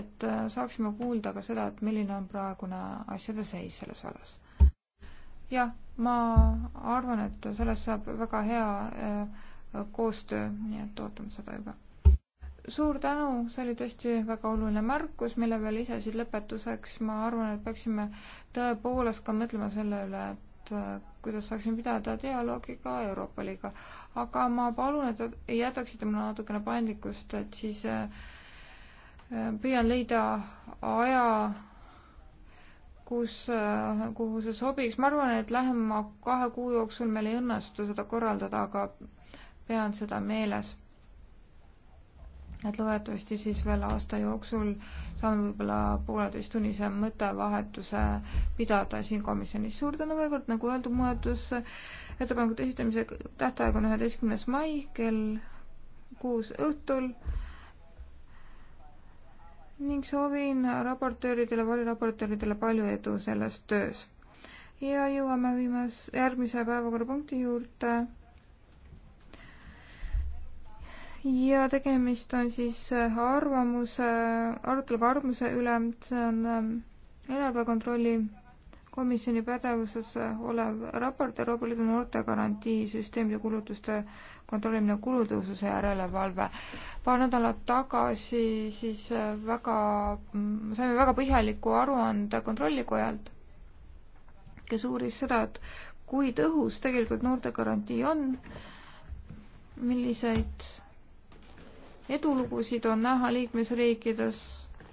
et äh, saaksime kuulda ka seda, et milline on praegune asjade seis selles vallas. jah, ma arvan, et sellest saab väga hea äh, koostöö, nii et ootame seda juba. suur tänu, see oli tõesti väga oluline märkus, mille veel lisasid lõpetuseks, ma arvan, et peaksime tõepoolest ka mõtlema selle üle, et Äh, kuidas saaksin pidada dialoogi ka Euroopa Liiga. aga ma palun, et jätaksite mulle natukene paindlikkust, et siis äh, äh, püüan leida aja, kus, kuhu see sobiks. ma arvan, et lähema kahe kuu jooksul meil ei õnnestu seda korraldada, aga pean seda meeles et loodetavasti siis veel aasta jooksul saame võib-olla pooleteisttunnise mõttevahetuse pidada siin komisjonis. suur tänu veel kord, nagu öeldud, muudatusettepanekute esitamise tähtaeg on üheteistkümnes mai kell kuus õhtul ning soovin raportööridele, variraportööridele palju edu selles töös. ja jõuame viimase, järgmise päevakorrapunkti juurde ja tegemist on siis äh, arvamuse, aruteluga arvamuse üle, see on ähm, eelarvekontrolli komisjoni pädevuses äh, olev raport Euroopa Liidu noortegarantii süsteemide kulutuste kontrollimine, kulutõhususe järelevalve. paar nädalat tagasi siis äh, väga, mm, saime väga põhjaliku aruande Kontrollikojalt, kes uuris seda, et kui tõhus tegelikult noortegarantii on, milliseid edulugusid on näha liikmesriikides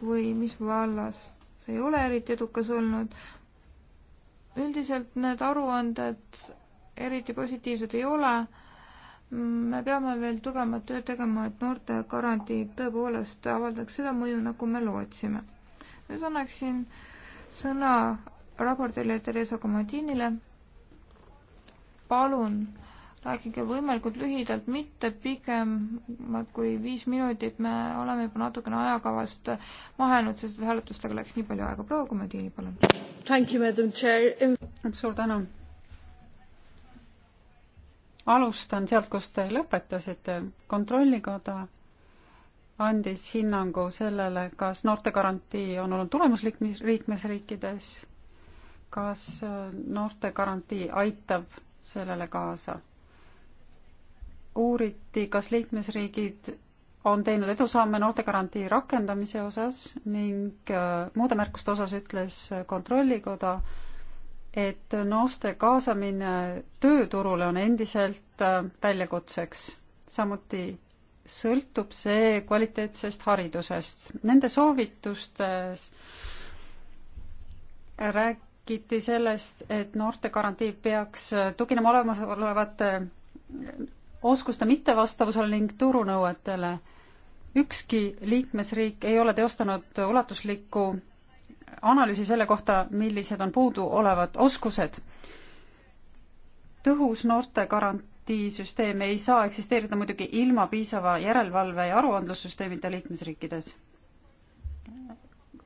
või mis vallas see ei ole eriti edukas olnud. üldiselt need aruanded eriti positiivsed ei ole. me peame veel tugevamat tööd tegema, et noorte garantii tõepoolest avaldaks seda mõju, nagu me lootsime. nüüd annaksin sõna raportile Theresa Komadinile. palun rääkige võimalikult lühidalt, mitte pikemalt kui viis minutit, me oleme juba natukene ajakavast maha jäänud, sest hääletustega läks nii palju aega. proua Komediini, palun. suur tänu. alustan sealt, kus te lõpetasite. kontrollikoda andis hinnangu sellele, kas noortegarantii on olnud tulemuslik liikmesriikides, kas äh, noortegarantii aitab sellele kaasa uuriti, kas liikmesriigid on teinud edusamme noortegarantii rakendamise osas ning äh, muude märkuste osas ütles Kontrollikoda, et noorte kaasamine tööturule on endiselt äh, väljakutseks. samuti sõltub see kvaliteetsest haridusest. Nende soovitustes räägiti sellest, et noortegarantii peaks äh, tuginema olemasolevate oskuste mittevastavusele ning turunõuetele. ükski liikmesriik ei ole teostanud ulatuslikku analüüsi selle kohta, millised on puuduolevad oskused. tõhus noorte garantiisüsteem ei saa eksisteerida muidugi ilma piisava järelevalve ja aruandlussüsteemita liikmesriikides.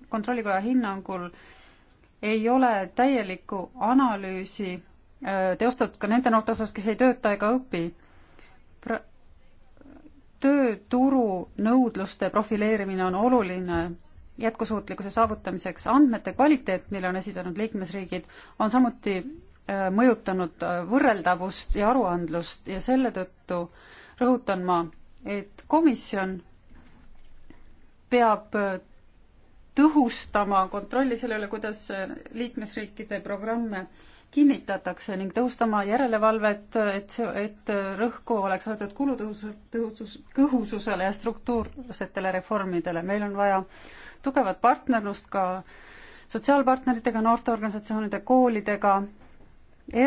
kontrollikoja hinnangul ei ole täielikku analüüsi äh, teostatud ka nende noorte osas, kes ei tööta ega õpi tööturu nõudluste profileerimine on oluline jätkusuutlikkuse saavutamiseks. andmete kvaliteet, mille on esitanud liikmesriigid, on samuti äh, mõjutanud äh, võrreldavust ja aruandlust ja selle tõttu rõhutan ma, et komisjon peab äh, tõhustama kontrolli selle üle, kuidas liikmesriikide programme kinnitatakse ning tõhustama järelevalvet, et see, et rõhku oleks võetud kulutõhusus, tõhusus, kõhususele ja struktuursetele reformidele. meil on vaja tugevat partnerlust ka sotsiaalpartneritega, noorteorganisatsioonide, koolidega,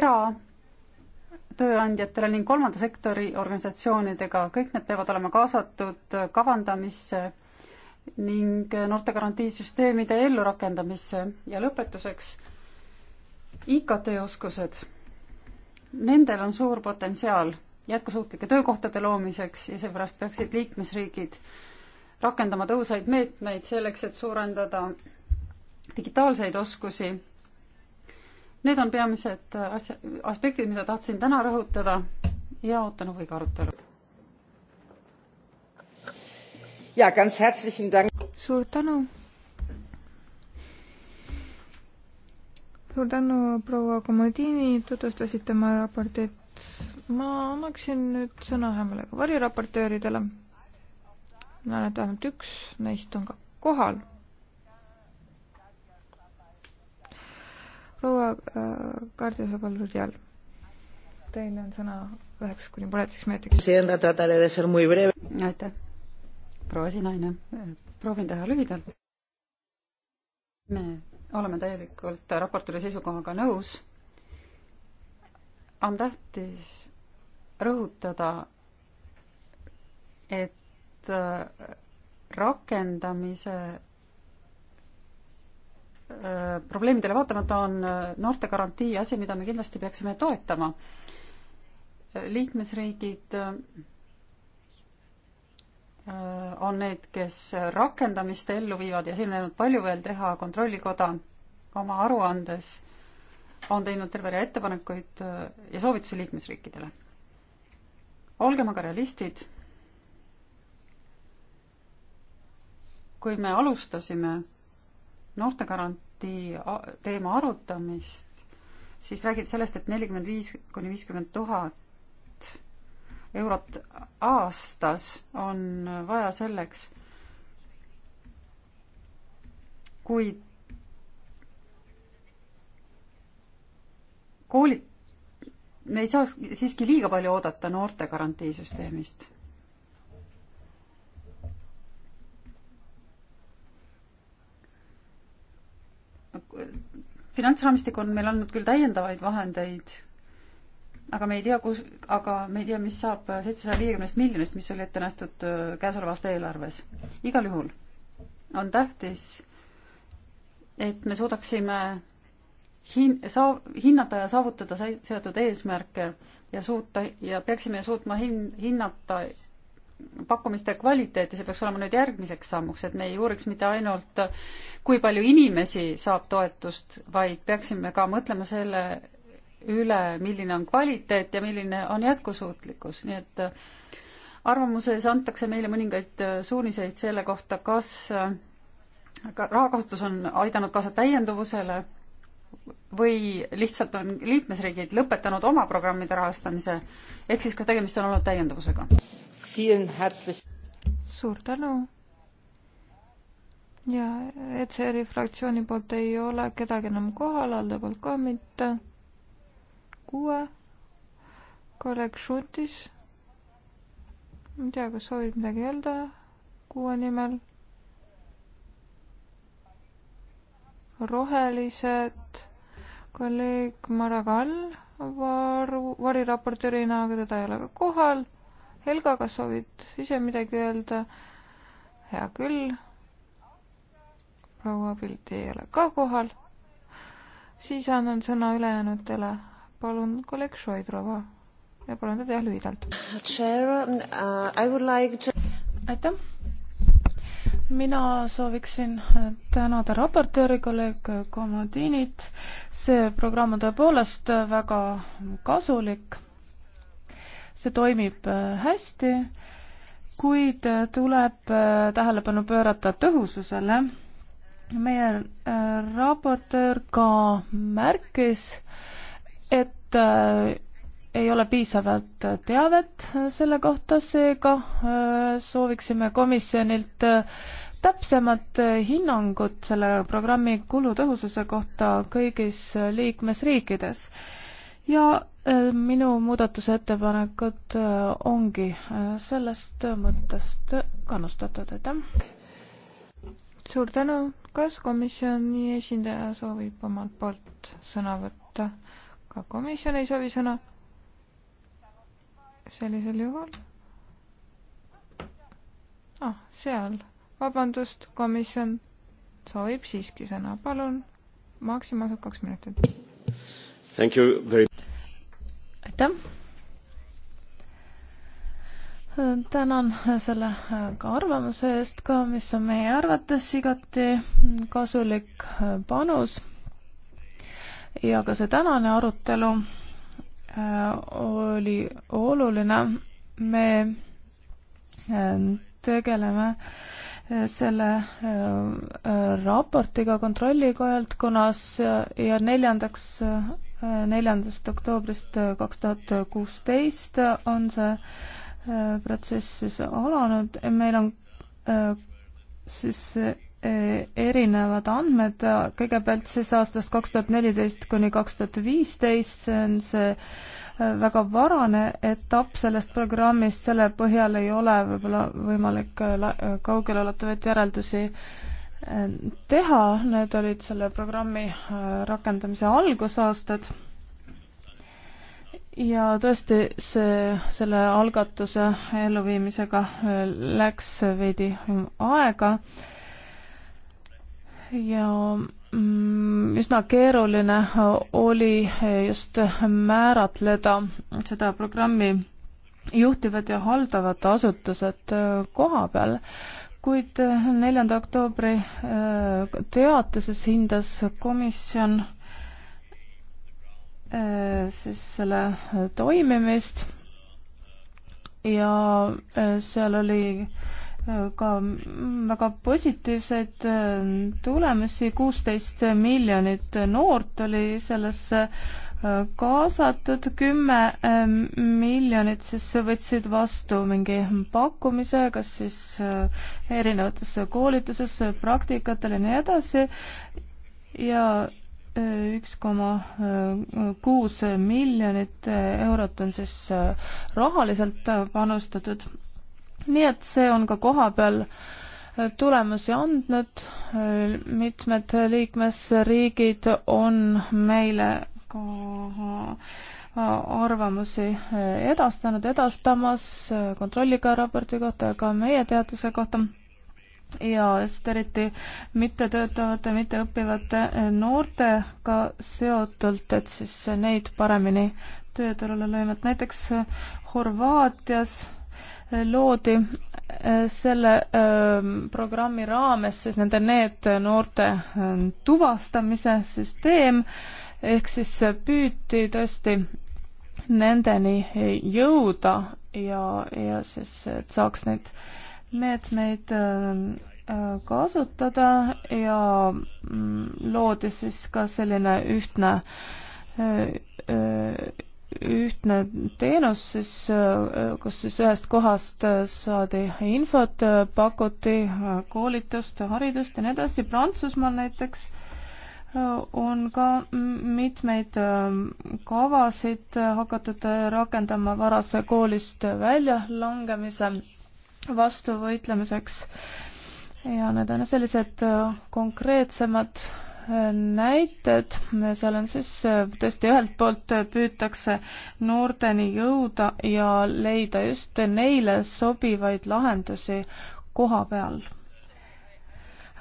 eratööandjatele ning kolmanda sektori organisatsioonidega, kõik need peavad olema kaasatud kavandamisse ning noortegarantiisüsteemide ellurakendamisse ja lõpetuseks IKT-oskused, nendel on suur potentsiaal jätkusuutlike töökohtade loomiseks ja seepärast peaksid liikmesriigid rakendama tõhusaid meetmeid selleks, et suurendada digitaalseid oskusi. Need on peamised asja, aspektid, mida tahtsin täna rõhutada ja ootan huviga arutelu. suur tänu suur tänu, proua Komodini, tutvustasite oma raportit. ma annaksin nüüd sõna Hämmelega variraportööridele. ma näen, et vähemalt üks neist on ka kohal. proua äh, Kardia Sabal-Rudjal, teil on sõna üheks kuni pooleteiseks minutiks. aitäh, proua esinaine, proovin teha lühidalt. me oleme täielikult raportööri seisukohaga nõus. on tähtis rõhutada, et äh, rakendamise äh, probleemidele vaatamata on äh, noortegarantii asi, mida me kindlasti peaksime toetama. liikmesriigid Äh, on need, kes rakendamist ellu viivad ja siin on jäänud palju veel teha, Kontrollikoda oma aruandes on teinud terve rea ettepanekuid äh, ja soovitusi liikmesriikidele. olgem aga realistid, kui me alustasime noortegarantii teema arutamist, siis räägiti sellest et, et nelikümmend viis kuni viiskümmend tuhat eurot aastas on vaja selleks, kui koolid, me ei saaks siiski liiga palju oodata noorte garantiisüsteemist. finantsraamistik on meil andnud küll täiendavaid vahendeid aga me ei tea, kus, aga me ei tea, mis saab seitsesaja viiekümnest miljonist, mis oli ette nähtud äh, käesoleva aasta eelarves. igal juhul on tähtis, et me suudaksime hin-, saa-, hinnata ja saavutada seatud eesmärke ja suuta ja peaksime suutma hin-, hinnata pakkumiste kvaliteeti, see peaks olema nüüd järgmiseks sammuks, et me ei uuriks mitte ainult, kui palju inimesi saab toetust, vaid peaksime ka mõtlema selle üle, milline on kvaliteet ja milline on jätkusuutlikkus, nii et äh, arvamuses antakse meile mõningaid äh, suuniseid selle kohta, kas äh, rahakasutus on aidanud kaasa täienduvusele või lihtsalt on liikmesriigid lõpetanud oma programmide rahastamise, ehk siis kas tegemist on olnud täienduvusega? suur tänu! ja ECR-i fraktsiooni poolt ei ole kedagi enam kohal, Alde poolt ka mitte kuue, kolleeg Šutis. ma ei tea, kas soovib midagi öelda kuue nimel. rohelised, kolleeg Maragall varu, variraportöörina, aga teda ei ole ka kohal. Helga, kas soovid ise midagi öelda? hea küll. proua Pilt ei ole ka kohal. siis annan sõna ülejäänutele, palun kolleeg Šoidrova ja palun teda jah lühidalt. Uh, aitäh. mina sooviksin äh, tänada raportööri kolleeg Komodinit. see programm on tõepoolest väga kasulik. see toimib äh, hästi, kuid äh, tuleb tähelepanu pöörata tõhususele meie raportöör ka märkis, et äh, ei ole piisavalt teavet selle kohta, seega äh, sooviksime komisjonilt äh, täpsemat hinnangut selle programmi kulutõhususe kohta kõigis liikmesriikides. ja minu muudatusettepanekud ongi sellest mõttest kannustatud, aitäh! suur tänu, kas komisjoni esindaja soovib omalt poolt sõna võtta? ka komisjon ei soovi sõna. sellisel juhul ah,. seal, vabandust, komisjon soovib siiski sõna, palun, maksimaalselt kaks minutit. Very... aitäh. tänan selle äh, ka arvamuse eest ka, mis on meie arvates igati kasulik äh, panus ja ka see tänane arutelu äh, oli oluline. me äh, tegeleme äh, selle raportiga Kontrollikojalt, kuna ja neljandaks, neljandast oktoobrist kaks tuhat kuusteist on see protsess siis alanud, meil on siis erinevad andmed, kõigepealt siis aastast kaks tuhat neliteist kuni kaks tuhat viisteist, see on see äh, väga varane etapp sellest programmist, selle põhjal ei ole võib-olla võimalik äh, äh, kaugeleulatuvaid järeldusi teha, need olid selle programmi rakendamise algusaastad. ja tõesti, see, selle algatuse elluviimisega läks veidi aega ja mm, üsna keeruline oli just määratleda seda programmi juhtivad ja haldavad asutused äh, koha peal, kuid äh, neljanda oktoobri äh, teatises hindas komisjon siis selle toimimist ja seal oli ka väga positiivseid äh, tulemusi, kuusteist miljonit noort oli sellesse äh, kaasatud, kümme äh, miljonit siis võtsid vastu mingi pakkumise, kas siis erinevatesse koolitusesse, praktikatele ja nii edasi ja üks koma kuus miljonit eurot on siis rahaliselt panustatud nii et see on ka kohapeal tulemusi andnud, mitmed liikmesriigid on meile ka arvamusi edastanud, edastamas kontrolliga raporti kohta ja ka meie teaduse kohta ja just eriti mittetöötavate, mitteõppivate noortega seotult, et siis neid paremini tööturule lööma, et näiteks Horvaatias loodi äh, selle ähm, programmi raames siis nende NEET-noorte ähm, tuvastamise süsteem, ehk siis äh, püüti tõesti nendeni jõuda ja, ja siis, et saaks neid meetmeid ähm, äh, kasutada ja mm, loodi siis ka selline ühtne ühtne teenus, siis äh, kus siis ühest kohast äh, saadi infot, äh, pakuti koolitust, haridust ja nii edasi, Prantsusmaal näiteks on ka mitmeid kavasid hakatud rakendama varase koolist väljalangemise vastu võitlemiseks ja need on sellised konkreetsemad näited, seal on siis äh, tõesti ühelt poolt püütakse noorteni jõuda ja leida just neile sobivaid lahendusi koha peal.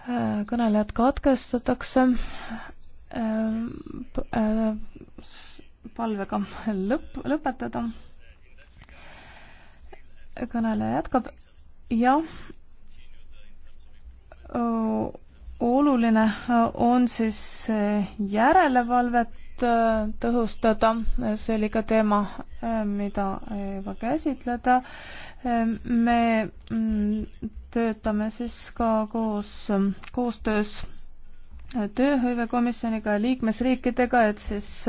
Äh, kõnelejad katkestatakse äh, palvega lõpp, lõpetada. kõneleja jätkab ja oluline äh, on siis äh, järelevalvet äh, tõhustada, see oli ka teema, mida juba käsitleda. me mm, töötame siis ka koos, koostöös tööhõivekomisjoniga ja liikmesriikidega, et siis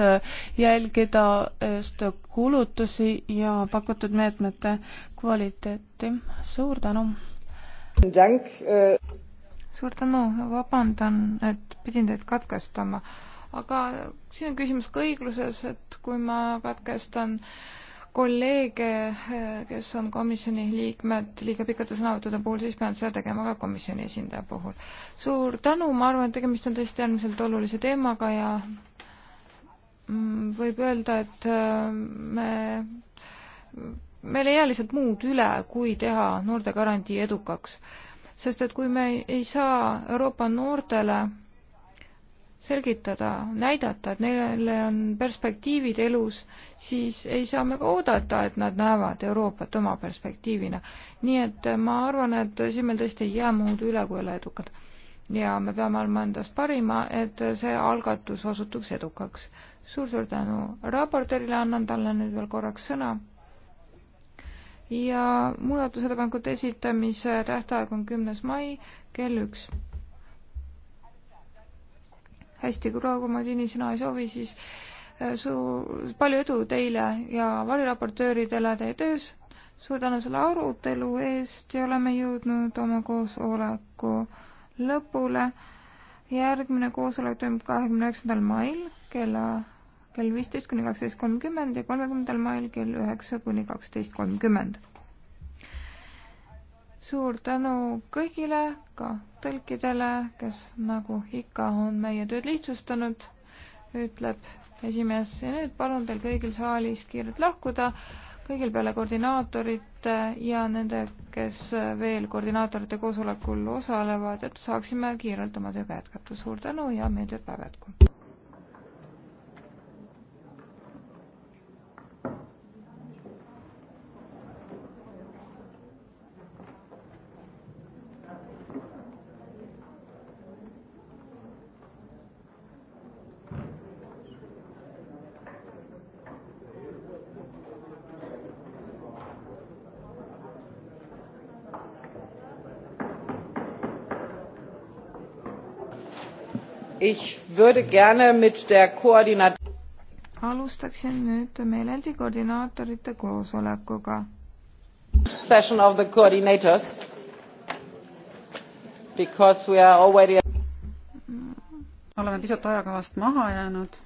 jälgida just kulutusi ja pakutud meetmete kvaliteeti. suur tänu! suur tänu, vabandan, et pidin teid katkestama, aga siin on küsimus ka õigluses, et kui ma katkestan kolleege, kes on komisjoni liikmed liiga pikkade sõnavõttude puhul, siis pean seda tegema ka komisjoni esindaja puhul. suur tänu, ma arvan, et tegemist on tõesti äärmiselt olulise teemaga ja võib öelda, et äh, me, meil ei jää lihtsalt muud üle, kui teha noortegarantii edukaks sest et kui me ei saa Euroopa noortele selgitada, näidata, et neile on perspektiivid elus, siis ei saa me ka oodata, et nad näevad Euroopat oma perspektiivina. nii et ma arvan, et siin meil tõesti ei jää muud üle, kui olla edukad. ja me peame andma endast parima, et see algatus osutuks edukaks suur,. suur-suur tänu raportöörile, annan talle nüüd veel korraks sõna ja muudatusettepanekute esitamise tähtaeg on kümnes mai kell üks. hästi, kui praegu Madini sõna ei soovi, siis äh, suur, palju edu teile ja variraportööridele teie töös. suur tänu selle arutelu eest ja oleme jõudnud oma koosoleku lõpule. järgmine koosolek toimub kahekümne üheksandal mail kella kell viisteist kuni kaksteist kolmkümmend ja kolmekümnendal mail kell üheksa kuni kaksteist kolmkümmend. suur tänu kõigile, ka tõlkidele, kes nagu ikka on meie tööd lihtsustanud, ütleb esimees ja nüüd palun teil kõigil saalis kiirelt lahkuda, kõigil peale koordinaatorite ja nende, kes veel koordinaatorite koosolekul osalevad, et saaksime kiirelt oma tööga jätkata. suur tänu ja meeldivat päeva jätku! Ich würde gerne mit der Koordinat- alustaksin nüüd meeleldi koordinaatorite koosolekuga. Session of the coordinators because we are already oleme pisut ajakavast maha jäänud